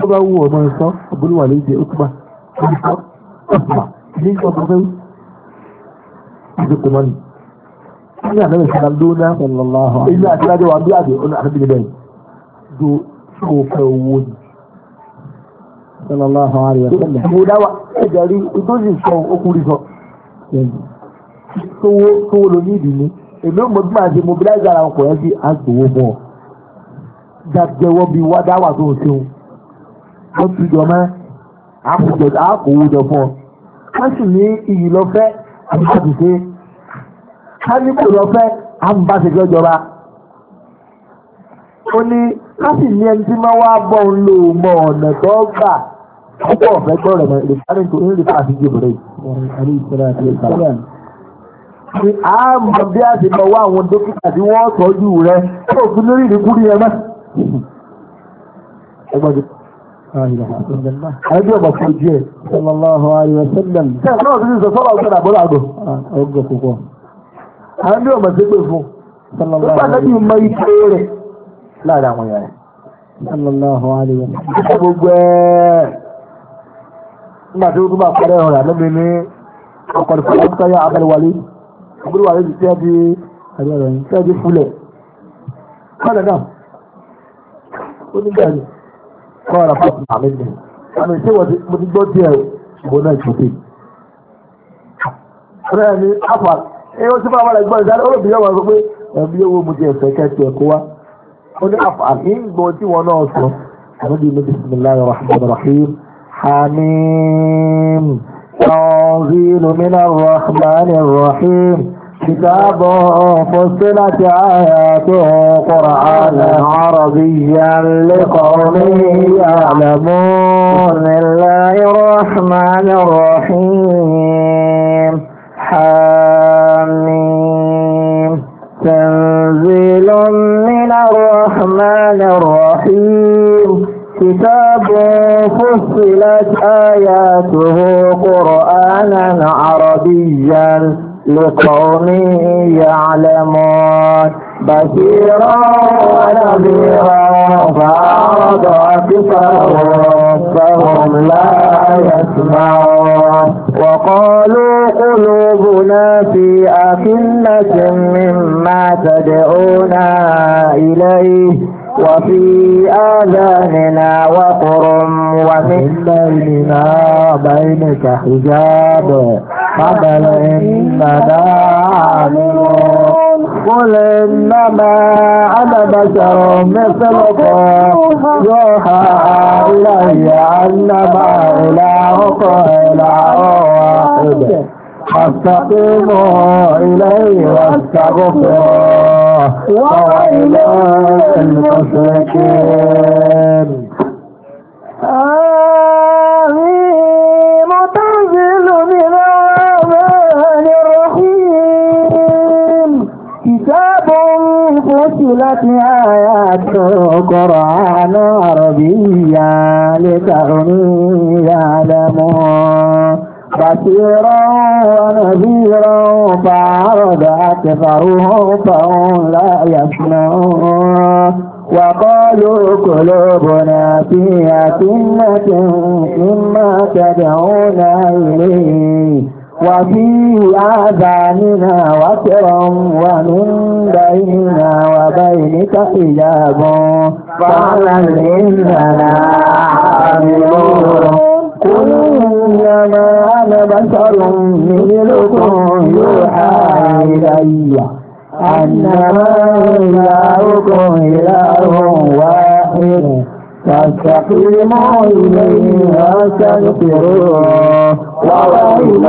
tó bá wù ọmọ ẹ̀sọ́ ọ̀bọ̀lúwà lè jẹ́ òkúba ọ̀bọ̀ ọ̀bà ní ọ̀bọ̀fẹ́ ìdókò mọ́ni. Ní àdáwẹ̀ sí Londona, ilé àti Lájọ́ wa bí àdé ọ̀nà àti bílẹ̀ bẹ́ẹ̀ do ṣó fẹ́ owó ni. Sallallahu alayhi wa sallam. Mo dáwà ẹ̀jẹ̀ rí ìdójì sọ okùnrin sọ. Sowó sowó lo ní ìdí ni. Èmi ò mọ bí màá ṣe mobilize ara ọkọ̀ yẹn sí àgbòwò mọ́. Dàgbẹ́wọ́ bíi wá dáwà tó ń ṣeun wọ́n ti jọ mọ́ àkùjọ àkòwòjọ fún ọ. wọ́n sì ní iyì lọ́fẹ́ àbúkàtúnṣe káníkò lọ́fẹ́ àbúbáṣejọ́ jọba. ó ní ká sì ní ẹni tí máa wá bọ́ ń lo ọmọ ọ̀nà tó gbà púpọ̀ ọ̀fẹ́ tó rẹ̀ mọ́ ilé sáré tó ń rí fàáfi jìbìrì. Ní àmọ́ bí a ti lọ wá àwọn dókítà tí wọ́n tọ́jú rẹ̀ tó fi lórí ìdíkúrí ẹ mọ́. Ẹgbọ́n ti àìdí ọ̀bà fún ojú ẹ̀ sallallahu alayhi wa sallam tẹ́ ẹ̀ náà ti sọ sọ́wọ́ ọ̀gbọ́n àgbọ́n àgbọ̀ ọgọ́ púpọ̀ àìdí ọ̀bà tó pè fún sallallahu alayhi wa sallam ìpè rẹ̀ láàrin àwọn èèyàn sallallahu alayhi wa sallam ìpè gbogbo ẹ̀ nígbà ó ní ọkọ̀ kọ́ra fún àmì mi àmì tí mo ti gbọ́ díẹ̀ mo náà ìṣòfin. rẹ̀ ni afa ẹ o ti fún àwọn ẹgbẹ́ ìdáná olóògbé yóò wá sọ pé ẹ̀mí owó mo ti ẹ̀fẹ̀ kẹ́tì ẹ̀ kó ó ní afa àmì ń gbọ́ tí wọ́n náà sọ àmì bíi bisimilahi rahman rahim hamim tanzilu minar rahman rahim. كتاب فصلت آياته قرآنا عربيا لقوم يعلمون بسم الله الرحمن الرحيم حميم تنزيل من الرحمن الرحيم كتاب فصلت آياته قرآنا عربيا لقوم يعلمون بشيرا ونذيرا فأعرض أكثرهم فهم لا يسمعون وقالوا قلوبنا في أكنة مما تدعونا إليه وفي آذاننا وقر ومن بيننا بينك حجاب بل إننا عاملون قل إنما أنا بشر مثلكم يوحى إلي أنما إلهكم إله واحد فاستقيموا إليه واستغفروه وويل للمشركين الرحمن الرحيم كتاب فصلت آيات قرآنا عربيا لتغني يعلمون بصيرا ونذيرا فعرض أكثرهم فهم لا يسمعون وقالوا قلوبنا في أكنة مما تدعونا إليه وفي آذاننا وكرا ومن بيننا وبينك حجاب فاعلم إننا عاملون كلما أنا بشر مثلكم يوحى إلي أنما إلهكم إله واحد تستقيم إليها تنفرون وويل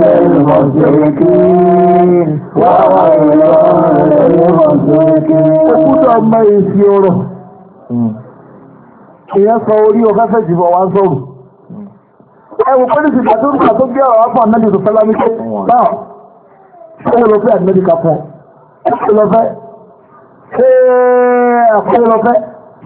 للمشركين وويل للمشركين Ẹkúta ọmọ èsì ọ̀rọ̀. Hmm. Ìyẹn sọ orí ọ̀gá fẹ̀jìbọ̀ wá sọ̀rọ̀. Ẹwù pẹ́lú ìgbà tó ń gbà tó gbé ọ̀rọ̀ fún ànájì tó fẹ́ lámíkẹ́. Báà, ṣé lọ fẹ́ ànájì ká fún lọ fẹ́? Ṣé àkọ́lọ́ fẹ́?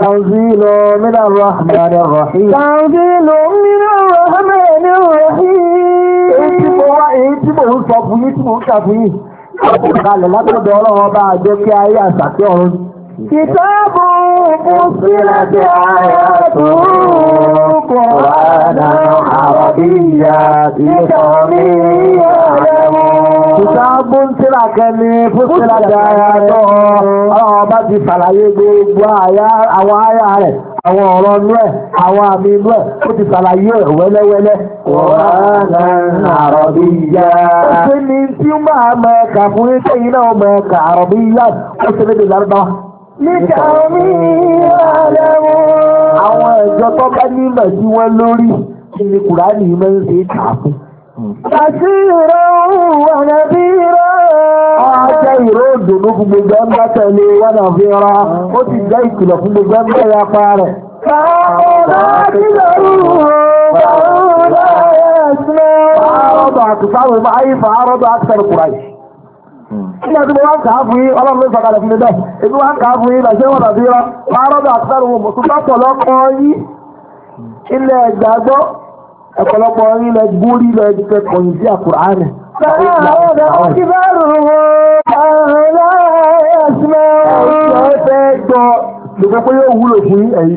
تنزيل من الرحمن الرحيم تنزيل من الرحمن الرحيم èyí tí mo wá èyí tí mo ń sọ fún yín tí mo ń kà fún yín àti فصلت آياته قرآنا عربيا لقوم يعلمون كتاب تلك ni فصلت آياته ọlọ́wọ́ bá ti ṣàlàyé gbogbo àwọn àyà rẹ̀ àwọn ọ̀rọ̀ inú ẹ̀ àwọn àmì inú ẹ̀ ó ti ṣàlàyé ẹ̀ wẹ́lẹ́wẹ́lẹ́. Qur'anan Arabiyya. ó ṣe ní tí ó máa mọ ẹ̀ka fún yín sẹ́yìn náà mọ ẹ̀ka àròbíyá ó ṣe lédè lárúbáwá. Níkàmí àlẹ́wò. Àwọn ẹ̀jọ́ tó bá nímọ̀ sí wọn lórí kí ni Kùránì máa ń ṣe kà fún. Àti ìrọ̀ wọ̀nà bí rọ̀. Ó jẹ́ ìró òdòdó fún gbogbo ẹgbẹ́ tẹ̀lé wọ́nà fi ra. Ó ti jẹ́ ìkìlọ̀ fún gbogbo ẹgbẹ́ ya pa rẹ̀. Báwo bá kílọ̀ rú o? Báwo bá yẹ ẹ̀sìn? Fàárọ̀ bá àtúntàwé máa ń fa àrọ́bà Nígbà tí mo wá ń kàá fún yín, ọlọ́run ló sọ̀kalẹ̀ fún mi bẹ́ẹ̀. Èmi wá ń kàá fún yín, bàṣẹ́ wọn àbí rán. Máa rọ́bà àtàrà òun mọ̀ tó tọ́pọ̀ lọ́pọ̀ yín. Ilẹ̀ ìgbàgbọ́, ọ̀pọ̀lọpọ̀ yín lẹ gbórí lẹ fẹ́ kọ̀yìn sí Àkùránì. Bẹ́ẹ̀ ni àwọn ọ̀dọ́ ọ̀kí bá rò wọ́n. Ẹ fẹ́ gbọ́ lóko pé yóò wúlò fún ẹ̀yìn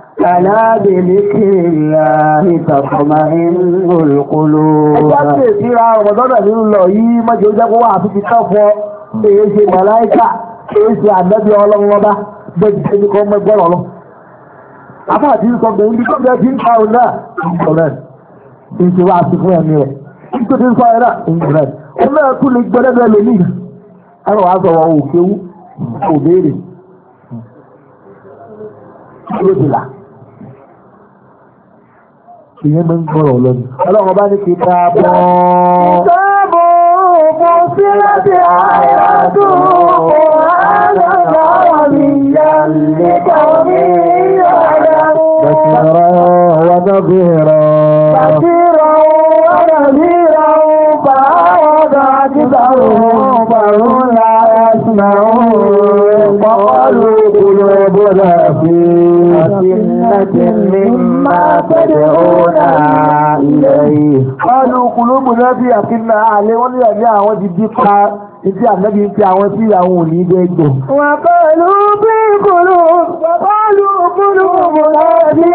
ألا بذكر الله تطمئن القلوب ẹgbẹ́ tí èsì lọ yìí mọ́jọ jẹ́kọ́ wà fún ti tọ́fọ́ èyí ṣe mọ̀láíkà èyí tó ti ń pa òun náà ń sọ rẹ̀ sí fún ẹ̀mí rẹ̀ ìyẹn máa ń gbọ́rọ̀ lọ́nà. ọlọ́run bá ní kí ká bọ́. ìtàbọ̀ mo sí láti àyàdùn ọ̀hánàlọ́wọ́ mi yá nípa mi yára. bàtìrọ̀ wà nàbìrọ̀. bàtìrọ̀ wà nàbìrọ̀ bá ọ̀dọ̀ àti bàrún bàrún lára ẹ̀sìn náà. وقالوا قلوبنا في أكنة مما تدعونا إليه قالوا قلوبنا في أكنة عليه ولا يا ودي دقة Ibi ànábi ti àwọn tí àwọn ò ní gbẹ́gbẹ́. Wà pẹ̀lú bí kúrò, wà pẹ̀lú kúrò mọ̀ láti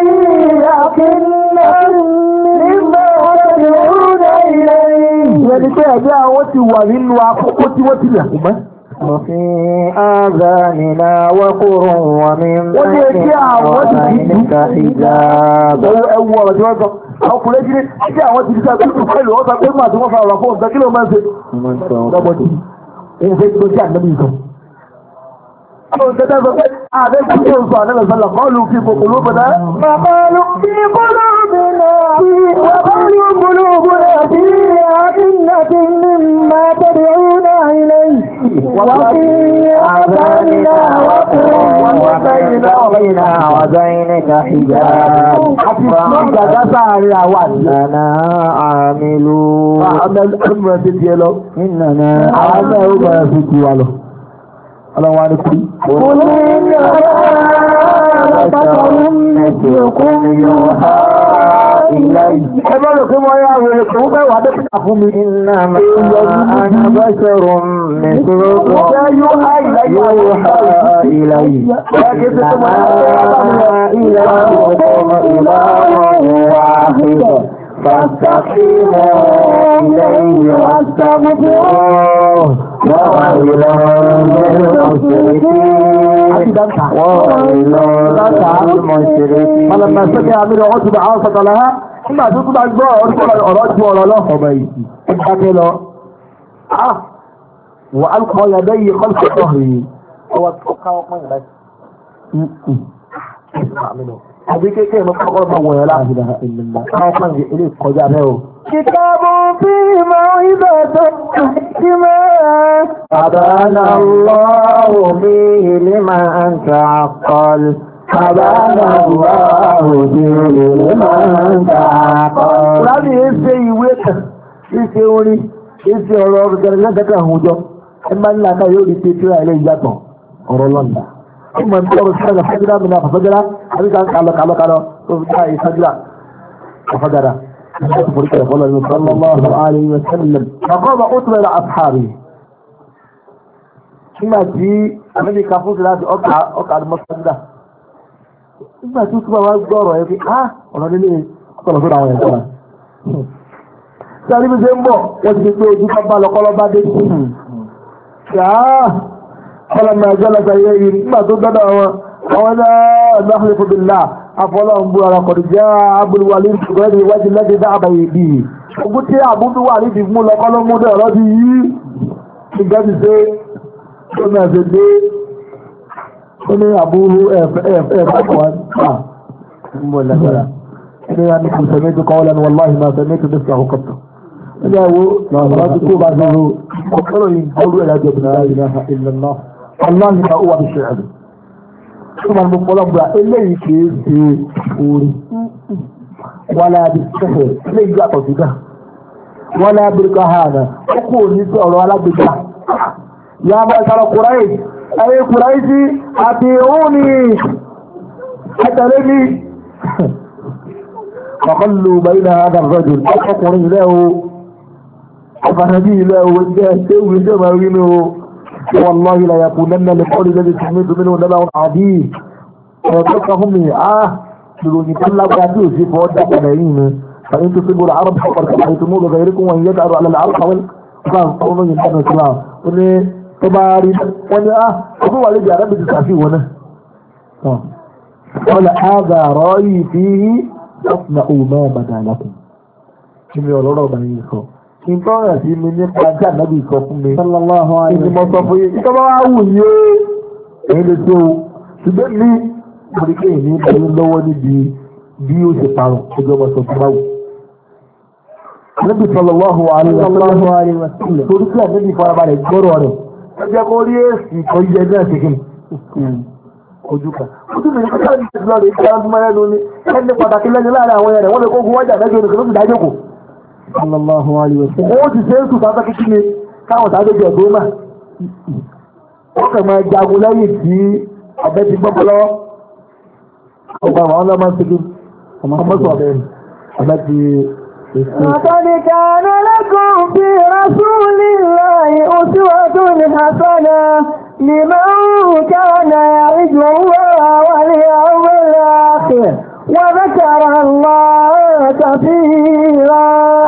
àkínlẹ̀ nígbà ọ̀rẹ́ ìrẹ́ ìrẹ́. Ìrẹ́ ni pé ẹ̀gbẹ́ àwọn ti wà nínú akókó tí wọ́n ti lẹ̀kùn mọ́. وفي آذاننا وقر ومن بينك حجاب ọkùnrin jírí ajé àwọn ti dídá tó kúrò pé máa tí fún ọ̀sán kí ló máa ń ṣe. ọmọ fẹ́ tó jẹ́ àgbẹ̀bí ìṣòro. قالوا في قلوبنا ما قالوا في قلوبنا وقالوا قلوبنا في أكنة مما تدعونا إليه وفي أذانا وقر وبين بينا وبينك حجاب فعندنا عاملون فعمل أمة تجيلو إننا عامل أمة تجيلو ọlọ́wọ́ adékùn. kò ní فاستقيموا إليه واستغفروه وويل للمشركين وويل للمشركين فلما سمع من عتبة عاصت لها ثم تتبع الجوع أراد ولا له بيتي وألقى يدي خلف ظهري هو ألقى وقال بس àbí kékeré mọ́ kọ́kọ́ mọ́ wọ̀nyọ́ láti dà ìlúmọ̀ káwọn fún mi ilé ìkọjá rẹ kìtàbù bí ìmọ̀ ibà tó ti mọ́. àbáná lọ́wọ́ mi ilé máa ń ta kọ́lù. àbáná lọ́wọ́ mi ilé máa ń ta kọ́lù. láti yẹn ṣe ìwé kan kí ṣe orin kí ṣe ọ̀rọ̀ ọ̀rọ̀ gẹ̀rẹ́gẹ̀rẹ́ kan àwùjọ ẹ máa ń là ká yóò rí pé tíra ilé ìyàtọ̀ ọ̀rọ̀ lọ́nà. ثم انتظر السنة فجرا منها ففجرا حديث عنك علق علق على وفجاء فجرا وفجرا صلى الله عليه وسلم فقام أطلع إلى أصحابه nígbà tí amẹ́ríkà fún síláàtì ọkà àdìmọ́sánda nígbà tí ó túnbà wá gbọ́rọ̀ ẹ̀ fi ah ọ̀nà nílé ọ̀tọ̀lọ̀ fún àwọn ẹ̀kọ́ sáré bí ṣe fọlọ́mọ ẹgbẹ́lẹ́gbẹ́ yẹ yìí nígbà tó dọ́dọ̀ wọn àwọn ẹlẹ́ ẹ̀lọ́hìn fúnbílà afọlọ́hún bu ara kọ̀dù jẹ́ abúlúwalí ṣùgbọ́n ìwádìí lẹ́dí dáàbà yìí bì í ogún tí abúlúwalí ti mú lọ́kọ́ ló mú dẹ̀ ọ̀rọ̀ bí yìí ìgbẹ́ ti ṣe tó náà ṣe dé ó ní àbúrú ẹ̀ẹ́fẹ́kọ̀ọ́ ẹni yà ní kùn sẹ́mẹ́tì kọ́ọ́lá ní wàláhì máa aláàlú náà ó wà ní ṣẹ̀yà rẹ̀ tó máa ń bọ́ pọ́lọ́gbà eléyìí kì í ṣe orí wàlá àbí sẹ́fẹ̀ eléyìí gbà pọ̀ síta wàlá abirika hànà ó kú òní sí ọ̀rọ̀ alágbèjà yà bá ìsàlọ kùráì ẹ̀yẹ kùráì sí àti òun ni ẹ̀tẹ̀lé mi ọ̀kan lu bàyí náà àdàbọ̀jù ọkùnrin ilẹ̀ o ọ̀bànàbí ilẹ̀ o jẹ́ ṣé wùdí ọ̀bànàbí mi o. والله لا يقولن لقول الذي سمعت منه نبأ عظيم ويتركهم من اه يقول يقول لك يا تيو سيف ودك فإن تصيبوا العرب حقر كحيتموه غيركم وإن يجعلوا على العرب حول فهم قوم ينتهي السلام لي تباري وني اه أبو عليك يا رب تسعفي وانا قال هذا رأي فيه أصنعوا ما بدا لكم كم يقولوا ربنا يسوع ìtọ́rọ̀ sí mi nípa tí ànábì sọ fún mi. Ìdí mo sọ fún yín, ìtọ́ bá wù yé èyí lè tó o. Ṣùgbọ́n ní ìpàdé ní ìdájọ́ lọ́wọ́ níbi bí ó ṣe parun ọjọ́ bá sọ fún báwò. Ànábì sallallahu alaihi wa sallam. Torí tí ànábì farabalẹ̀ gbọ́rọ̀ rẹ̀, ẹ jẹ́ kó rí èsì kan yẹ náà ṣe kí ojú kan. Ojú mi ní kí wọ́n ti lọ rí ìgbà ọdún mọ́lẹ́nu ni. Ẹni pàtàkì lẹ́ni láàárín àwọn ẹ̀rẹ̀ wọ́n lè kó gun wájà mẹ́jọ ní kí ló ti dájókòó sallallahu alayhi wa sallam. ó ti ṣe é sùn sábà kíkí ni káwọn sábà jẹ ọdún mà. wọ́n kàn máa jagun lẹ́yìn tí ọ̀bẹ ti gbọ́ bọ́lọ́. ọgbà àwọn ọlọ́mọ ti dùn ọmọ sọ ọ̀bẹ ọ̀bẹ ti. لقد كان لكم في رسول الله أسوة حسنة لمن كان يرجو الله واليوم الآخر وذكر الله كثيرا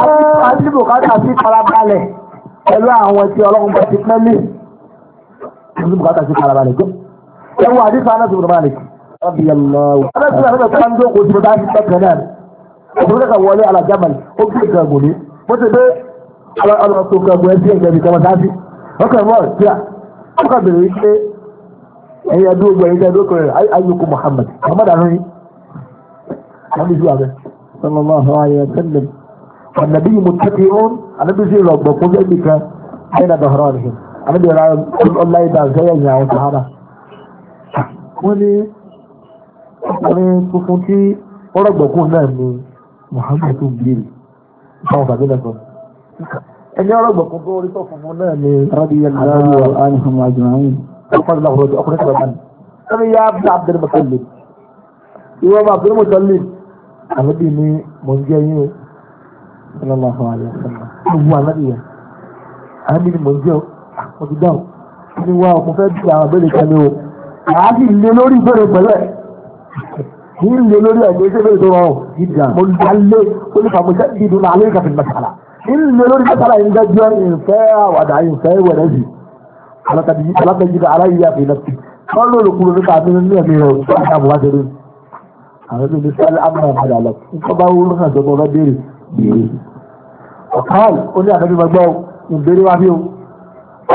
a ti bùkátà sí farabalẹ̀ pẹ̀lú àwọn tí ọlọ́run bá ti pẹ́lú a ti bùkátà sí farabalẹ̀ gbọ́. ẹ wo àdìsá anáṣẹ ìbùdó máa lè kí. anáṣẹ ìbùdó máa ń dókòó sí bàtà àti tẹ̀kẹ̀ náà òfin kẹ̀kẹ́ wọlé alájàmàlì ó gbé ìgbàgbò ní bó ti dé ọlọ́run tó gbàgbò ẹ sí ẹ̀gbẹ́ ìjọba dájú ọkọ̀ ìmọ̀ ọ̀tíà ọkọ̀ bèrè wípé ẹ̀yà dúró ẹ̀yà dúró kọ̀rẹ̀ ayọ̀kọ̀ Muhammad Muhammad àárín àwọn ìjọba rẹ̀ sọlọ́mọ́ àwọn ayẹyẹ tẹ́lẹ̀ ànàbí yìí mo tẹ́kì ọ́n ànàbí sì rọ̀gbọ̀ fún bẹ́ẹ̀ nìkan ẹ̀yìn àdọ̀họ̀rọ̀ rẹ̀ ànàbí ra ọlá ìdá àgbẹ̀yẹ̀ ìyá àwọn sàhárà. wọ́n ní ọkùnrin tuntun tí ó rọ̀gbọ̀ fún náà ni Muhammad tó bìrì báwọn bàbá náà sọ. ẹni ọrọ̀gbọ̀ fún tó rí tọ́fún fún náà ni rábìyàn náà ọkùnrin sallallahu alayhi wa sallam gbogbo alábi yẹn àmì ni mò ń jẹ o mo ti dáhùn kí ni wá o mo fẹ́ bí àwọn abẹ́rẹ́ kan ní o màá sì lé lórí ìbẹ̀rẹ̀ pẹ̀lẹ́ kí n lé lórí ẹ̀jẹ̀ ṣé bẹ́ẹ̀ tó rọrùn gíga mo ń dá lé olùfàmùsẹ́ dídùn náà alẹ́ kàfin mẹ́tàlá kí n lé lórí mẹ́tàlá yìí ń dájú ìfẹ́ àwàdà ìfẹ́ wẹ̀rẹ́ sí alákàjì aláyé àfi nàfi wọ́n lò lókun lórí kàmí nínú ẹ̀mí rẹ̀ òṣùpá àbúwá ṣe rí àwọn ẹ̀mí ní sálẹ̀ àmọ́ àbàdà lọ nípa bá wúrú náà ọ̀kan ó ní àtẹ́bí gbọ́ ìbéèrè wá bí o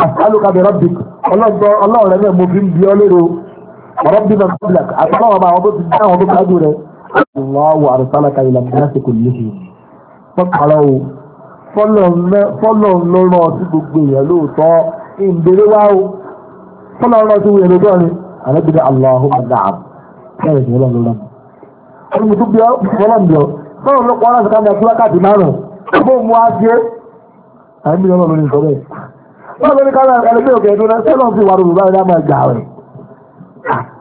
àtàlùkà bẹ̀rẹ̀ bí ọlọ́run rẹ̀ náà mo fi ń bí ọ lérò ọ̀rọ̀ bí náà kọ́bílà àtàlọ́wọ́ bá àwọn tó ti dá àwọn tó kájú rẹ̀ Allahu arsalaka ila bọ́ọ̀ ló pọ̀ láti káàmì àti wákàtí márùn-ún bó mú ájé àìmí ọlọ́ lórí ìsọ bẹ́ẹ̀ bọ́ọ̀ lórí káàmì ẹlẹ́gbẹ́ òkè ẹ̀dùn náà sẹ́lọ̀ sí wà lórí báyìí láàmà ẹgbà rẹ̀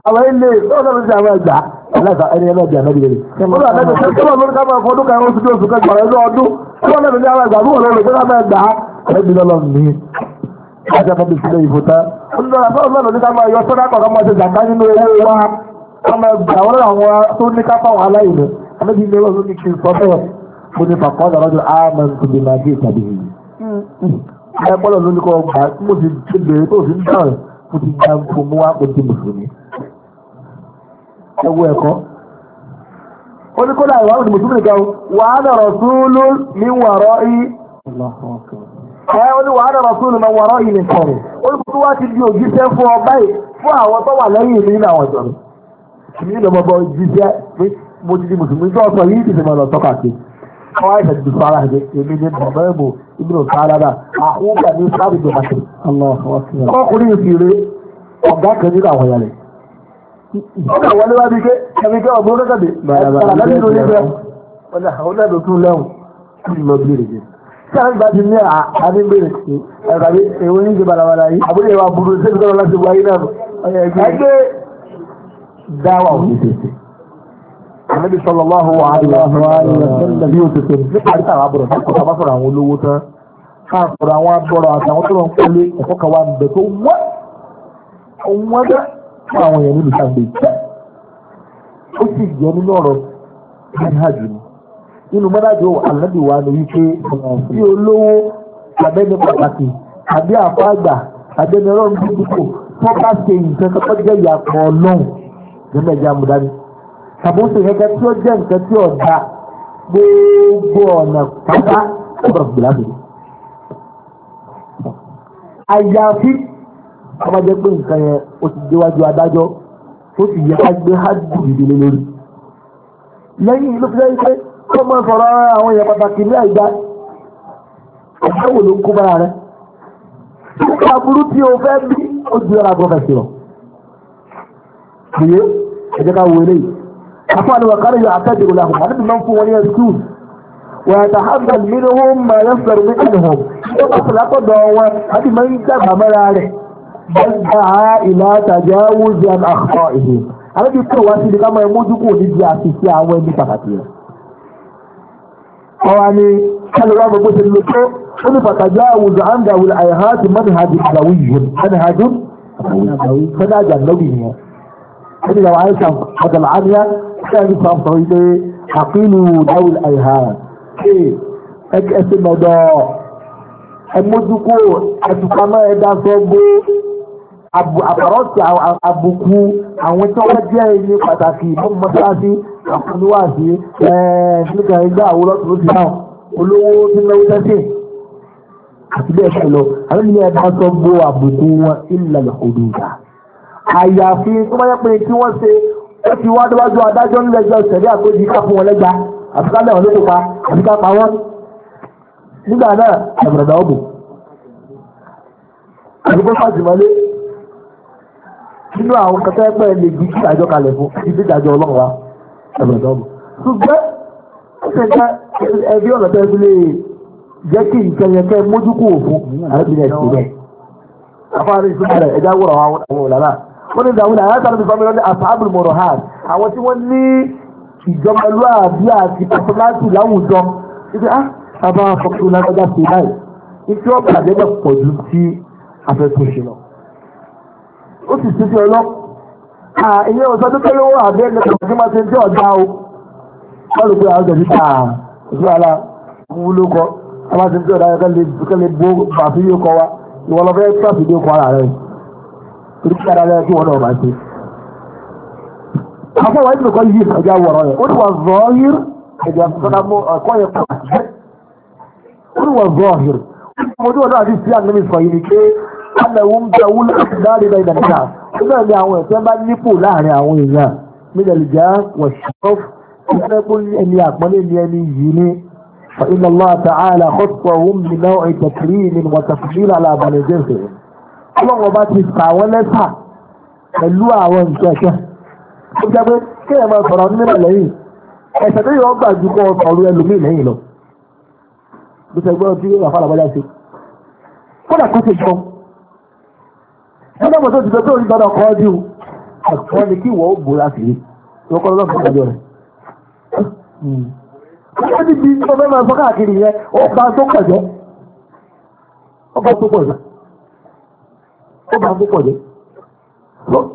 àwọn ilé bọ́ọ̀ lórí sí àwọn ẹgbà aláta ẹni ẹlẹ́gbẹ́ àmẹ́bí rẹ̀ bọ́ọ̀ lórí káàmì ọdún kan oṣù oṣù kẹgbà rẹ̀ lọ́ọdún bọ́ọ̀ lórí sí àwọn ẹgbà bọ́ọ̀ lórí sí àwọn ẹgbà ẹlẹ́gbẹ́ lọ́lọ́ mi ajá fẹ́ bí sílẹ̀ ìfòta ó ń lọ́ra bọ́ọ̀ lórí káàmì ọyọ sọ́dá kọ̀ọ̀kan máa ṣe jàǹdá nínú owó wa ọmọ ẹgbà wọn làwọn tó ní kápá wàhálà ìlú anábì ní ọlọ́run ní kí n sọ bẹ́ẹ̀ mo ní bàbá ọ̀dà lọ́dún àmọ́ ah, ní kùdì máa dé ìtàdé yìí. Hmm. ẹ gbọ́dọ̀ ló ní kọ́ gbà mo ti ti bèrè tó fi ń dà rẹ̀ mo ti gba nǹkó mo wá mo ti mùsùlùmí. ẹ wo ẹ̀kọ́. ó ní kódà ìwà òdì mùsùlùmí nìkan wàá dọ̀rọ̀ súnlú ní wàrọ̀ yìí. ẹ ó ní wàá dọ̀rọ̀ súnlú ní wàrọ̀ yìí nìkan rẹ̀ mo ti di mùsùlùmí tó ọ̀sọ̀ yìí ti fi máa lọ tọ́ka sí àwọn àìsàn ti fara ẹ̀ èmi ní bàbá ẹ̀bù ibi ò sára dà àwọn ọgbà ní sábì tó bàtì. ọkùnrin yìí fi re ọ̀gá kan nínú àwọn ìyá rẹ̀. ọ̀gá wọlé wá bí ké ẹ̀mí ké ọ̀gbọ́n kẹ́kẹ́ dé ọ̀gá nínú ilé rẹ̀ ọ̀gá ló tún lẹ́hùn kí ni lọ bí rè jẹ. sí àwọn ìgbà tí ní àní bèrè ẹ̀rọ àbí èwo ní ìjẹ balabala yìí àbúrò ìwà burú sí ìgbà wọn láti wáyé náà ẹgbẹ́ dáwà òṣèṣe ànábì sallallahu alaihi wasallam o ti sọ nípa káàkiri àwọn abọrọ àtàwọn tó lọ ń kọ́lé ẹ̀kọ́ kan wà ń bẹ tó wọ́n wọ́n dẹ́ fún àwọn èèyàn nílùú sàgbé jẹ́ ó sì jẹ́ nínú ọ̀rọ̀ manhajù ni nínú manhajù ànábì ni wípé bí olówó abẹ́ni pàtàkì àbí àfáàgbà abẹ́ni ọlọ́run dúdú tó bá ṣe nǹkan kọ́kọ́ jẹ́ ìyàpọ̀ ọlọ́run nígbà ìjà tàbóso kẹ́kẹ́ tí ó jẹ́ nǹkan tí ó da gbogbo ọ̀nà pátá ọ̀bọ̀rọ̀ gbìlá mi. àyàfi ọba jẹ́ pé nǹkan yẹn ó ti déwájú adájọ́ tó sì yẹ ká gbé hádùú ìdílé lórí. lẹ́yìn ló fi lẹ́yìn pé kó máa sọ̀rọ̀ àwọn èèyàn pàtàkì ní àìgbá ọ̀gá wo ló ń kó bára rẹ̀. nípa burú tí o fẹ́ bí ó ju ẹ̀rọ àgọ́ fẹ̀sì rọ̀. ẹ̀jẹ̀ ká wo eléyìí. أفعل وقال يعتذر لهم النبي من فوق يسكوت ويتحمل منهم ما يصدر منهم يقف لقد هو هذه من تبع ملاره بل دعا إلى تجاوز عن أخطائهم أنا جبت واسي لكما يموجكو نجي أسيسي عوين بكتير يعني قالوا رابع مثل لكو قل فتجاوز عن ذوي الأيهات منهج أبوي منهج أبوي فنادى النبي هذه لو عايشة هذا العالية kẹ́ẹ̀lú sọ wípé àpínú dáwìl àìhà ṣe ẹsẹ̀ mọ̀dọ̀ ẹmójúkó ẹtùpamọ́ ẹ̀dá sọ́gbó àbárọ̀tì àbùkù àwọn tí wọ́n jẹ́ ẹni pàtàkì fún mọ́sáàsì àfúnúwàsí nígbà ẹgbẹ́ àwòrán tó ti náà olówó tí náwó tẹ́sí àti bẹ́ẹ̀ bẹ́ẹ̀ lọ àwọn ènìyàn ẹ̀dá sọ́gbó àbùkù wọn ìlànà òdùnkà àyàfi tó bá yẹ pé tí wọ́n ṣe ó ti wá déwájú adájọ́ nílẹ̀ ẹjọ́ ìṣẹ̀lẹ̀ àkójì ká fún wọn lẹ́gba àti ká lẹ́wọ̀n lóko pa àti ká pa wọ́n nígbà náà àbùrọ̀dà ọ̀bù àdúgbò fàjùmọ́lé nínú àwọn kẹtẹ́ pẹ́ lè di kí ìdájọ́ kalẹ̀ fún ibi ìdájọ́ ọlọ́run wa àbùrọ̀dà ọ̀bù ṣùgbọ́n ó ṣe ká ẹbí ọ̀nà tẹ́ fi lè jẹ́ kí ìkẹyẹkẹ mójúkú òfin àrẹ́bìnrin ẹ̀sìn rẹ̀ afárí ìsúnmọ́ rẹ̀ ẹ̀dá wúrọ̀ àwọn ọ̀làlá wọ́n ní dàwọn àyàtọ̀ àti sọ́mi lọ́dẹ àfàbùl mọ̀rọ̀hàn àwọn tí wọ́n ní ìjọmọlúàbí àti pàtàkì láwùjọ ibi á ah, bàbá afọkùnrin lágbájá sí báyìí ibi wọn bàjẹ́ bẹ̀ pọ̀ ju ti afẹ́tòṣe lọ. ó sì ti fi ọlọ́ ìyẹn ò sọ tó kéré owó àbí ẹni kan kí máa ṣe ń tẹ́ ọ̀dá o wọ́n lè pe àwọn ọ̀dọ̀ níta ojú ara wúlò kọ́ a máa ṣe ń tẹ́ ọ̀dá yẹn kẹ́lẹ́ bó bàfíyó kọ wa ìwọ lọ fẹ́ tàbí dé kọ́ ara torí kí ara lẹ́yìn kí wọ́n náà máa ṣe. afọwọ́ ẹni nìkan yìí ìfẹ̀já wọ̀rọ̀ yẹn ó ní wọ́n zọ́ yìí ẹ̀jẹ̀ fúnra mú ọ̀kọ́ yẹn pọ̀ ó ní wọ́n zọ́ yìí mo ní ọ̀dọ́ àti síyàn nínú ìsọ̀ yìí ni pé alẹ́wò ń bẹ wúlò láàrin náà ìdàgbà náà ó bẹ̀rẹ̀ ní àwọn ẹ̀fẹ́ bá nípò láàrin àwọn èèyàn mílẹ̀lìjà wọ̀ṣọ́f ìfẹ́kùn ẹni àpọ́nlé ni ẹni yìí ni فإن الله تعالى خصهم بنوع تكريم وتفضيل على بني جنسهم ọlọ́run ọba ti kà wọ́n pẹ̀lú àwọn ìjọ̀jọ̀ ó jẹ́ pé kí ẹ̀ máa sọ̀rọ̀ nínú lẹ́yìn ẹ̀sẹ̀ tó yọ ọgbà ju ẹlòmíì lẹ́yìn lọ bí sẹ́ gbọ́dọ̀ tí wàá fàlà ṣe kódà kó ṣe jọ nínú tó kí ìwọ ó bò láti rí ó bá púpọ̀ jẹ́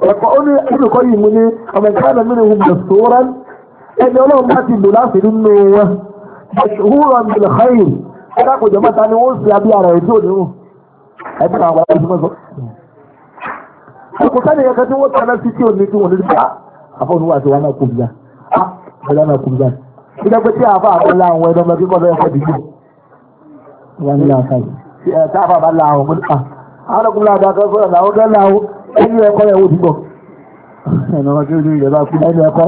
ẹ̀kọ́ ó ní ìrùkọ́ yìí mú ní ọmọ ìkáàlẹ̀ mí ni wọ́n bẹ̀ sóra ẹni ọlọ́run bá ti lò láti nínú wọn ẹ̀ṣùhúrọ̀ bìlẹ̀kọ́yì ẹ̀dá kò jẹ́ mẹ́ta ni wọ́n sì abí ara ẹ̀ tí ò léwu ẹ̀dá àwọn ará ìṣúná sọ. ìkùsá nìyẹn kan tí wọ́n tẹ̀lé sí tí ò ní tí wọ́n ní bá àfọ̀nù àti wọn ah, náà kò bíyà á ẹ̀dá náà kò bíyà ìjọ pé tí àfa àbẹ̀lá àwọn ẹ̀dọ́ arákùnrin àdàkọ́ sọ̀rọ̀ làwọn gẹ́ làwọn ẹni ẹ̀kọ́ yẹn wò dìbò ẹ̀nà ọjọ́ orí rẹ̀ bá kú ẹni ẹ̀kọ́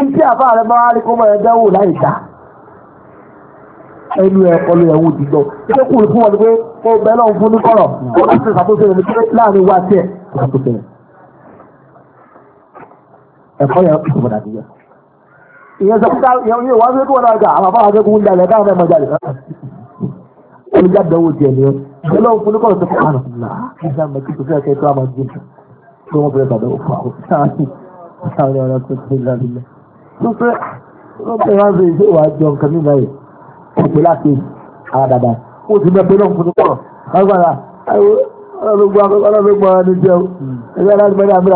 títí àbá rẹ̀ bá wá rí kó mọ̀ ẹ̀ dẹ́wò láì dá ẹnu ẹ̀kọ́ ló yẹ̀wò dìbò ṣé kù fún wọn pé ó bẹ́ lọ́n fún ní kọ̀rọ̀ ó bá ti ṣàkóso rẹ̀ nítorí láàrin wá sí ẹ̀ ṣàkóso rẹ̀ ẹ̀kọ́ yẹn kò padà dìbò ìyẹn sọ fún ta ìyẹn wá sí kí wọn náà gà àwọn afárá olùjádàwò ah, jẹ ni ẹ ìjọba òfin ní kọ́ọ̀tù fún àrùn là nígbà mẹ́tí kò fẹ́ẹ́ kẹ́kẹ́ àmà jù tó wọ́n bẹ̀rẹ̀ bàbá òfin àwọn sáàrì sáàrì ọ̀rọ̀ tó ti là nílẹ̀ tó fẹ́ wọ́n bẹ̀rẹ̀ wọ́n bẹ̀rẹ̀ ṣé wàá jọ nǹkan mímọ́ yìí kò pé láti ara dàda ó ti mẹ́ bẹ́ẹ̀ lọ́kùnrin kọ́ agbára ọlọ́gbọ́n ẹni jẹun ẹgbẹ́ alágbẹ́ni àmì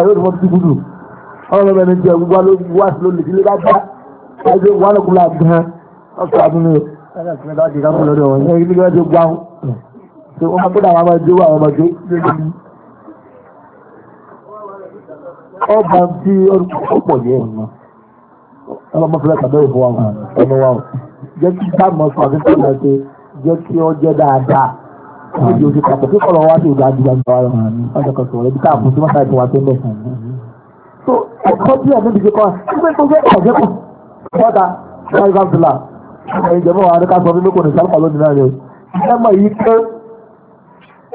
ọlọ́run ẹni jẹ gbogbo alóògùn wá sí lónìí ilé bá dá ẹgbẹ́ wọn lọ́kùnrin àgbọn ọkọ̀ àdúgbò ọba tí ó pọ̀ yẹ ọ̀nà ọlọ́mọ fúnra tàbí òfin wa ọ̀nà wa jẹ́ kí táàmù ọ̀sán àti táàmù ọ̀sẹ̀ jẹ́ kí ó jẹ́ dáadáa níbi ojú papọ̀ kí kọ̀ọ̀rọ̀ wa sì gbà jùlọ nípa ọ̀rọ̀ ọjọ́ kan sọ̀rọ̀ ibi tá a fún sí mọ́tà ìfún wa tó ń bẹ̀. so ẹ̀kọ́ tí ọ̀dún ti fi kọ́ ẹ̀ ṣé pé kó fẹ́ ọ̀jẹ́ àwọn ìjọba wa ká sọ fún mi kò ní sálùkà lónìí náà ni ẹ mọ̀ yìí pé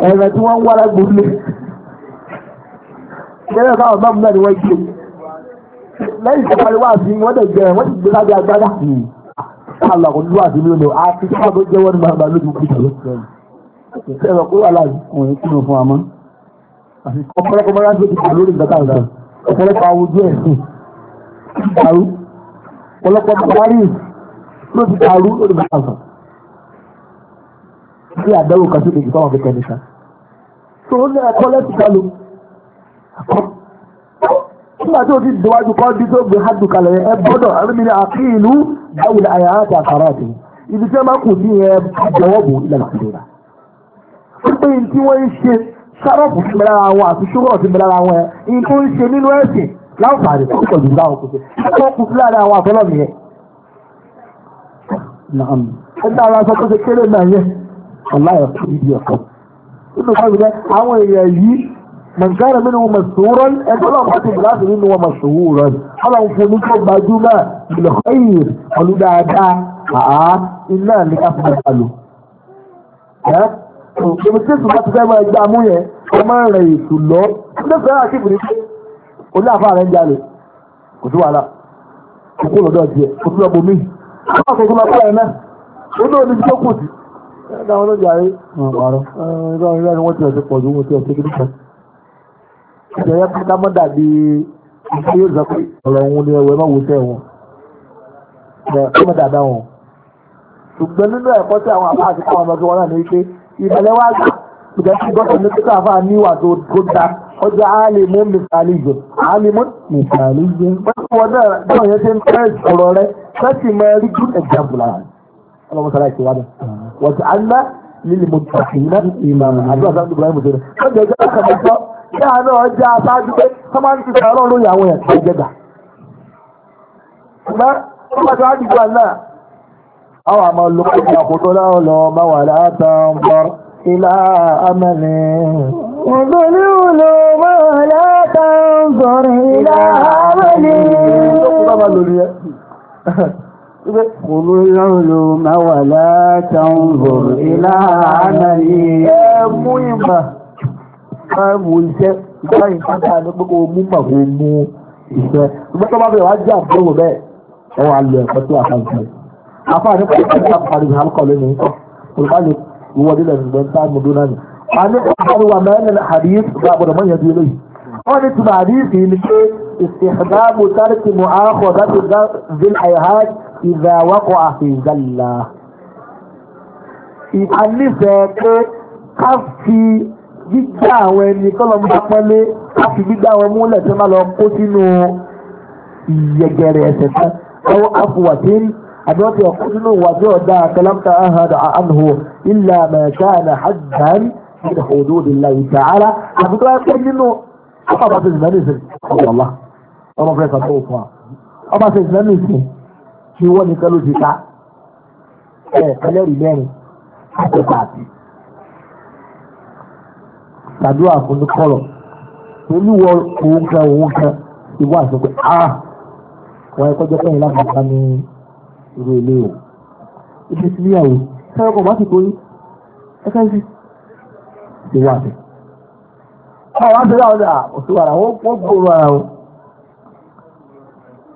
ẹ̀rẹ̀ tí wọ́n ń wára gbòmìnà ìgbẹ́rẹ́ káwọn bá mú náà ni wọ́n gbé lẹ́yìn tí wọ́n wá sí wọ́n dẹ̀ jẹ́ wọ́n ti gbé lábẹ́ agbádá àlọ́ kò lúwà sí lónìí àti tí wọ́n tó jẹ́ wọ́n ní màmá lójú kú ìjọba ìṣẹ́rọ̀ kó wà láàyè òun kí ló fún amọ́ ọ̀pọ̀lọpọ̀ mọ́ra tó ti kà lórí ìgbàkà ọ̀pọ̀lọpọ̀ àwùjọ ẹ̀ ló ti dàrú lórí bàtàzọ ní àdáwò kan sí kejì fáwọn akẹ́kọ̀ọ́ nìkan tó ń lé ẹ̀kọ́ lẹ́sìn kalu nígbà tí o ti dùwájú kọ́ bí tó gbé hajj kalẹ̀ ẹ gbọ́dọ̀ àrímìlẹ̀ àkíìlú dáwùl àyà àti àkàrà àti ibi tí ẹ máa kù sí ẹ jọ̀wọ́ bò ilẹ̀ nàìjíríà. ó pé ní tí wọ́n ń ṣe sárọ́ọ̀pù sí mẹ́lára àwọn àti ṣúgọ̀ sí mẹ́lára àwọn ẹ̀ ní tó ń ṣe nínú ẹ̀sìn láǹfààní tó pọ̀ jù láwọn kò sí. ẹ kọ́ kù sí láàrin àwọn àfọlọ́mìyẹn ẹgbẹ́ ara sọ tó ṣe kéré náà yẹ ọláyọ̀ fún ibi ọ̀kan nínú káàbí rẹ àwọn èèyàn yìí mọ̀nkárẹ̀ mi ni wọ́n mọ̀sòwúrọ̀ ẹgbẹ́ náà wọ́n ti bìlá sí nínú wọn mọ̀sòwúrọ̀ ọlọ́run fún mi tó gbajúmọ̀ ìlọ́kọ̀ yìí ọ̀lú dáadáa àá iná ní káfíńtà lò òṣèlú tí èsù bá ti fẹ́ máa gbá mú yẹn ó máa ń rẹ̀ èsù lọ nígbà tí àkíkù ní pé oní àfa rẹ̀ ń jalè kò sí wàhálà òkú lọ́dọ̀ tiẹ̀ kò sí ọmọ míì Àwọn akẹ́kọ̀ọ́ máa pààrẹ náà. Ó náà ní tó kù sí. Ẹgbẹ́ àwọn olóòjà rí. Ìgbà ìrìn àti wọ́n ti ọ̀sẹ̀ pọ̀ ju wọ́n ti ọ̀sẹ̀ kìíní kan. Ìjọba yẹn ká mọ́ dàbí ìgbà yóò sọ pé ọ̀rọ̀ òun ni ẹ̀wọ̀ ẹ máa wo sẹ́ wọn. Ẹ mọ́ dàda wọn. Ṣùgbọ́n nínú ẹ̀kọ́ tí àwọn àbá àti káwọn ọmọdé wọn náà ní pé ìbàlẹ̀ wá gbà ìjọ tí gbọ́dọ̀ ní pípẹ́ àfa níwà tó da ọjà àlèmú mìsàlì jẹ. Àlèmú mìsàlì jẹ. Wọ́n ti wọ́n náà láti máa rí good example ara ọlọ́mọ sára ìṣèwà náà wọ́n ti àná lílì mo tà sí iná ìmàmù àdúrà sáà dùgbò láì mo tẹ̀lé ọjọ́ ìjọba kàmá ìjọ kí àná ọjà aṣáájú pé wọ́n máa ń ti sọ̀rọ̀ lórí àwọn èèyàn tó jẹ́ gbà. ṣùgbọ́n wọ́n máa ti wá dìgbò àná àwọn àmọ́ lókè àkótó láwọn lọ́ọ́ máa wà látàn bọ́rọ̀. إلى أمل وضلوا ما لا تنظر إلى أمل قل العلوم ولا تنظر إلى عملي ẹmú ìmọ̀ ẹmú iṣẹ́ ìgbà ìfàtà ní pé kò mú mọ̀ kò mú iṣẹ́ ìgbà tó bá bẹ̀rẹ̀ wá jẹ́ àbúrò bẹ́ẹ̀ ẹ wà lọ ẹ̀kọ́ tí àfa ìṣẹ́ àfa ní pé kí ká parí ìhà kọ̀ lónìí nǹkan olùkọ́ni ìwọlé lẹ́nu ìgbẹ́ ń táàmù dúró náà a ní kí wọ́n wà mẹ́rin àdìyí gbàgbọ́dọ̀ mọ́yẹ́dúró lóyìí wọ́n ní tùmọ̀ استحباب ترك مؤاخذة ذي الحيهات إذا وقع في زلة ìpànífẹ́ pé ká fi gbígbá àwọn ẹni tọ́lọ́ mú apẹ́lé ká fi gbígbá àwọn múlẹ̀ tí wọ́n lọ kó sínú ìyẹ̀gẹ̀rẹ̀ ẹ̀sẹ̀ kan ọwọ́ àfùwàtí àdọ́tí ọkọ̀ sínú ìwàdí ọ̀dá àtẹlámta ahàdà àánú ilẹ̀ àmẹ́ríkà àná hajjan ìdàkọ̀ òdòdó ìlà ìtàhálà àbúkọ́ ẹgbẹ́ nínú ọkọ̀ ọmọ fẹ́ sọ fún wa ọba ṣe ìsìlẹ́nu ìsìn kí wọ́n nìkan ló ti ká ẹ̀ ẹlẹ́rìí mẹ́rin àti pàtì ṣàdúrà fún ní kọ́rọ̀ pẹ̀lú wọ òun kan òun kan ìwọ àṣọ pé a wọ́n ẹ̀kọ́ jẹ́ pẹ́yìn láti bá ní irú ilé o ibi tí níyàwó sẹ́yìn ọkọ̀ bá ti torí ẹ̀ka ẹ̀sìn ìwọ àṣọ. báwo wá ń tẹ́lẹ̀ àwọn ọ̀dà òṣùwàrà wọ́n gbòòrò ara wọn.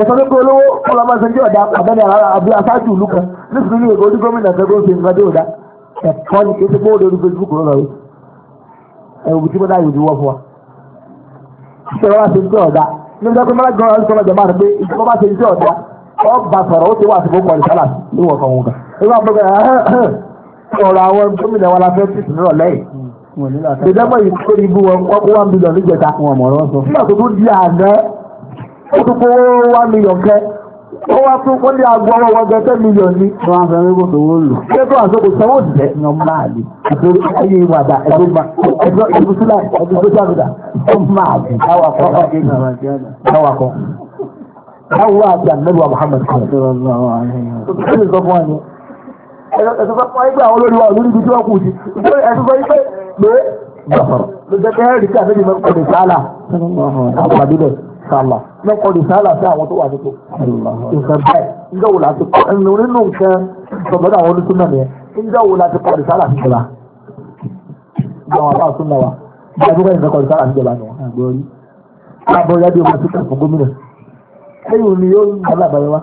ẹ̀sọ́ pé olówó kọ́lá máa ń sẹ́jọ́ ọ̀dà àbẹ́lẹ̀ ara àbí aṣáájú ìlú kan nítorí ní èkó ní gómìnà sẹ́gbẹ́ òṣèlú nǹkan dé òdà ẹ̀kọ́ ni kí n ti gbọ́ òde orí Facebook lọ́nà rẹ̀ ẹ̀wù tí mo dá ìwé wọ́ fún wa. ṣé wọ́n ṣe ń jẹ́ ọ̀dà ní ọjọ́ pé mọ́lágbọ́n ọ̀rọ̀ sọ́nà jẹ̀ máa rẹ̀ pé ìjọba bá ṣe ń jẹ́ ọ̀dà ọba sọ̀rọ̀ ó ti wà síbò pọ̀ nìkálà ní wọ̀n kan wọn ó tún kó wá mílíọ̀n kẹ́ ó wá tún kó ní agbo ọwọ́ wọn gẹ́gẹ́ mílíọ̀n ní. wọ́n á fẹ́rẹ́ kó sówó lò. ṣé tó àṣọ kò sanwó òṣìṣẹ́ ní ọmọ àlè àtòrí ayé ìwà àdá ẹ̀dùn ma ẹ̀dùn ẹ̀dùn sílẹ̀ ẹ̀dùn tó jáde ọmọ àlè awakọ̀ awakọ̀ awọ àti àmẹ́wà Muhammad kan. ẹ̀sùn sọ fún wa ni ẹ̀sùn sọ fún wa nígbà àwọn olórí wa olórí ibi tí wọ́n kù sí ẹ̀sùn sọ pé pé gbàfọ̀rọ̀ ló jẹ́ kẹ́rẹ́rì kí àfẹ́jì mẹ́kọ̀ọ́ sàlà lọ́kọ̀ ní sàlà sí àwọn tó wà nípò nǹkan báyìí nígbà wo láti kọ́ ẹnu nínú nǹkan sọ̀bọ́dọ̀ àwọn oníṣún náà nìyẹn nígbà wo láti kọ́ ní sàlà síjọba àwọn àbá àtún náà bí a dúró ẹ̀yìn kọ́ ní sàlà síjọba nìyẹn. àbọ̀ yá bí o máa ti kàn fún gómìnà lẹ́yìn ni yóò ń gbà lábàáyé wa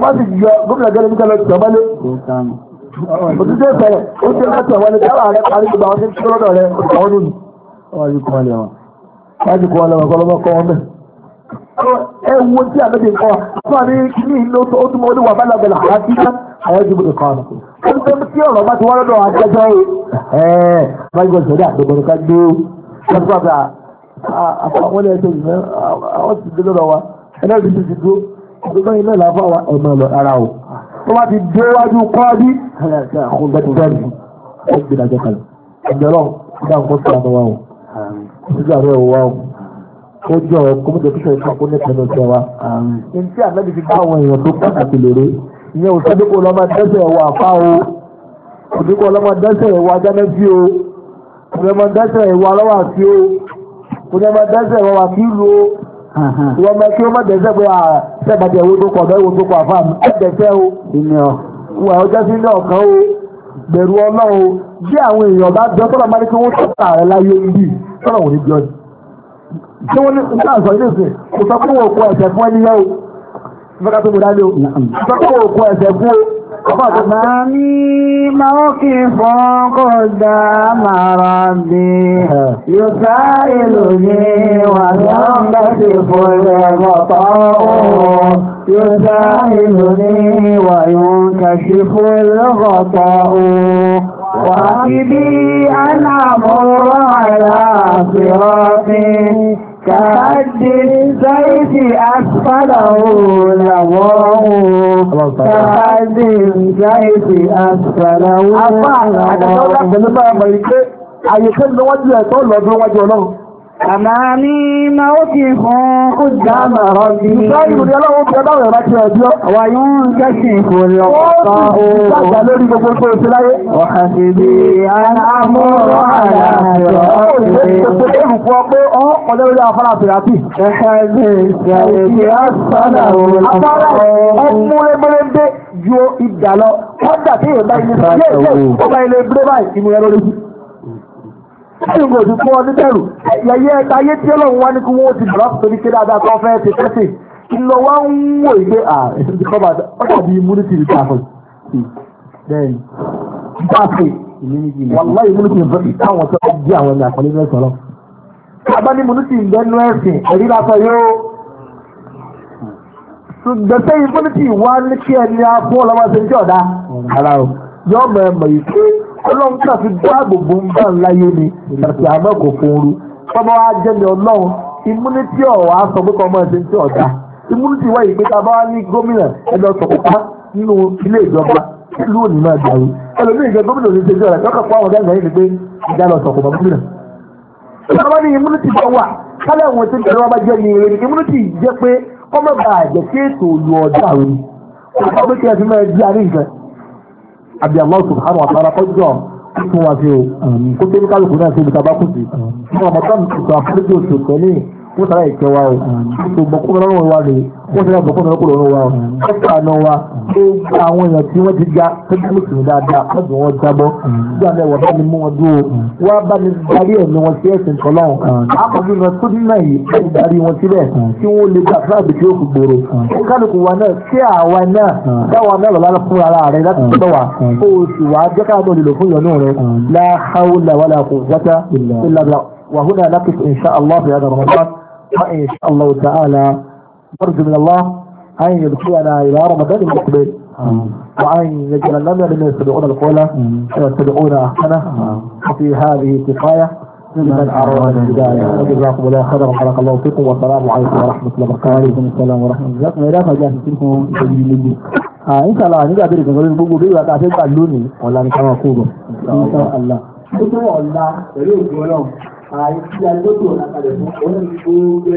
wọ́n ti yọ gómìnà gẹ́gẹ́ nígbà lọ́ọ́ tẹ̀wálé òtítẹ́ sọ̀rọ̀ ó ti ẹ̀ láti kọ́ ọlọ́wọ́ kọ́lọ́mọ́ kọ́ wọn bẹ́ẹ̀. ẹ wo tí àbẹ́bí nǹkan àtúwà ní kíní ìlú tó tún mọ́ oníwà bálàbẹ̀là àti iná àwọn ìdìbò nìkan ọ̀nà. ó ń tẹ́lẹ̀ tí ọ̀rọ̀ bá ti wá lọ́dọ̀ adájọ́ yìí. ẹ̀ẹ́ báyìí gbọ́dọ̀ sọ́dọ̀ àgbẹ̀bọ̀ nìkan gbé lọ́sọ̀gbà àwọn ẹ̀ṣẹ̀ àwọn ti dé nígbà rẹ̀ ò wá o ó jọ kọ́mọ́tò tó sọ̀rọ̀ kó ní pẹ̀lú ọ̀sẹ̀ wa. ntí ànábì fi bá àwọn èèyàn tó pàtàkì lérè ìyẹn ò sọ́dún kó lọ́mọ dẹ́sẹ̀ wà fá o òdún kó lọ́mọ dẹ́sẹ̀ wà jánẹ́bí o òdún kó dẹ́sẹ̀ wà lọ́wọ́ àti o òdún kó dẹ́sẹ̀ wà wà kí lu o ìwọ ọmọ kí ó má dẹ́sẹ̀ pé sẹ́gbàdì ẹ̀wọ́ tó kọ̀ ọ̀dọ́ tó kọ̀ àfáà mi ẹ̀ dẹ́sẹ̀ o ìwà ọjọ́ sí ní ọ̀kan o bẹ̀rù ọlọ́run bí àwọn èèyàn bá jọ tọ́lọ̀ máa ní kí wọ́n tọ́ta rẹ láyé níbí tọ́lọ̀ wò jọ ni. ṣé wọ́n ní nígbà sọ ilé ìsìn kò sọ pé òkú ẹ̀sẹ̀ fún ẹni yẹn o fẹ́ká tó mo dá lé o sọ pé òkú ẹ̀sẹ̀ fún o. Bàbá mi máa kí fún kódà màrà bí Yorùbá ìlú ni wà ní ọ̀gbẹ́sì fún ẹ̀rọ tọ́ يساعدني وينكشف الغطاء وعقبي أن أمر على صراطي كهد السيف أسفله لغوه كهد السيف أسفله لغوه Àyíkẹ́ ni wọ́n jẹ́ ẹ̀tọ́ lọ́dún wájú ọlọ́run. Àmàmí máa ó ti hàn ó dámà rọ́bí. Ìsáàlù rí ọlọ́wọ́ fi ọlọ́wọ́ ẹ̀rọ ti ọjọ́. Àwa yóò ń jẹ́sìn ìfòrè ọ̀pọ̀ ooo. Ìsáàjà lórí gbogbo ṣe láyé. Ọ̀hà sí bí aláàmúrọ̀ àlàáfíà ọ̀sẹ̀. Ìfòkú ọpẹ́ ọ̀hún ọ̀lẹ́ orí afárá pìràtì. Ẹ̀ka ẹgbẹ́ ìṣẹ̀lẹ̀ ti àṣàdà òun. Afárá ọmú lẹ́gbẹ̀rẹ̀ ju ìdà lọ. Wọ́n dà láti ń gbòdì fún ọdún tẹ̀rù yẹyẹ ayé tí ọlọ́run wá ní kí wọ́n ti bàbá torí pé dáadáa tó fẹ́ ti tẹ́sì kí lọ wá ń wò yí pé àìsàn kọ́ba ọjà bíi immunity ti ta fún bẹ́ẹ̀ni bá a pè wàlá immunity nfẹ́ táwọn tó ń jí àwọn ẹni àkọlé ní ẹ̀sán lọ. abá ní immunity ìgbẹ́nu ẹ̀sìn ẹ̀rí lásọ yóò ṣùgbọ́n immunity wá ní kí ẹni afọ́ ọlọ́wọ́ ṣe ń jọ̀dá ara o yọ ọlọ́run náà fi dáàbò bò ń bá láyé ni àti àmọ́ kò fún oru tọ́mọ wa jẹ́ ni ọlọ́run immunity ọ̀wá sọ pé kọ́mọ ẹ̀sìn tí ọ̀dà immunity wáyé pé tá bá wá ní gómìnà ẹ̀dọ̀ sọ̀kọ̀pá nínú ilé ìjọba ìlú òní náà dàrú ẹlòmíì ìgbẹ́ gómìnà òní ṣèjọ́ rẹ̀ lọ́kàn fún àwọn ọ̀gá ìgbà yìí pé ìjà lọ sọ̀kọ̀pá gómìnà. ìjọba ní immunity bá wà kálẹ̀ àwọn ètò ìjọba bá jẹ́ ní eré immunity jẹ́ pé kọ́mọ bàjẹ́ sí ètò òyò ọ̀dà rẹ̀ kò àbí Allah subhanahu wa ta'ala kọjọ́ fún wa sí o kó tẹ́lifíkálùkù náà sí ibi tabakùsì fún ọmọ tó ń sọ àfúrúgbò ṣòkò ní kó sára ìkẹ́ wa o kó bọ́kú lọ́rùn wa rè kó sára bọ́kú lọ́rùn wa o kó sànà wa kó gba àwọn èèyàn tí wọ́n ti ga tó bí mo sùn dáadáa wọ́n dùn wọ́n jábọ́ nígbà náà wọ́n bá mi mú wọn dúró wọ́n bá mi darí ẹ̀mí wọn sí ẹ̀sìn tọ́lọ́hún àkọ́bí wọn tó dín náà yìí ẹ̀ darí wọn síbẹ̀ kí wọ́n lè gba fúláàbì tí ó fi gbòòrò ó kálukú wa náà kí àwa náà dáwà náà lọ́la fún ara rẹ láti tọ́ wa kó o sì wá jẹ́ káàdọ̀ lè lò fún Allah fi hada Ramadan وإن شاء الله تعالى نرجو من الله أن يدخلنا إلى رمضان المقبل وأن يجعل لنا لمن يتبعون القول ويتبعون أحسنه وفي هذه كفاية لمن أراد الهداية وجزاكم الله خيرا وبارك الله فيكم والسلام عليكم ورحمة الله وبركاته السلام ورحمة الله جزاكم الله خيرا فيكم إن شاء الله nígbà tí ìgbàgbọ́ ní gbogbo bí ìwà tá a ṣe gbà lónìí ọ̀la ní káwọn kó bọ̀. Insha àìsí agbẹ́dọ̀ lákàlẹ̀ fún ọ̀rẹ́ ìgbóògbé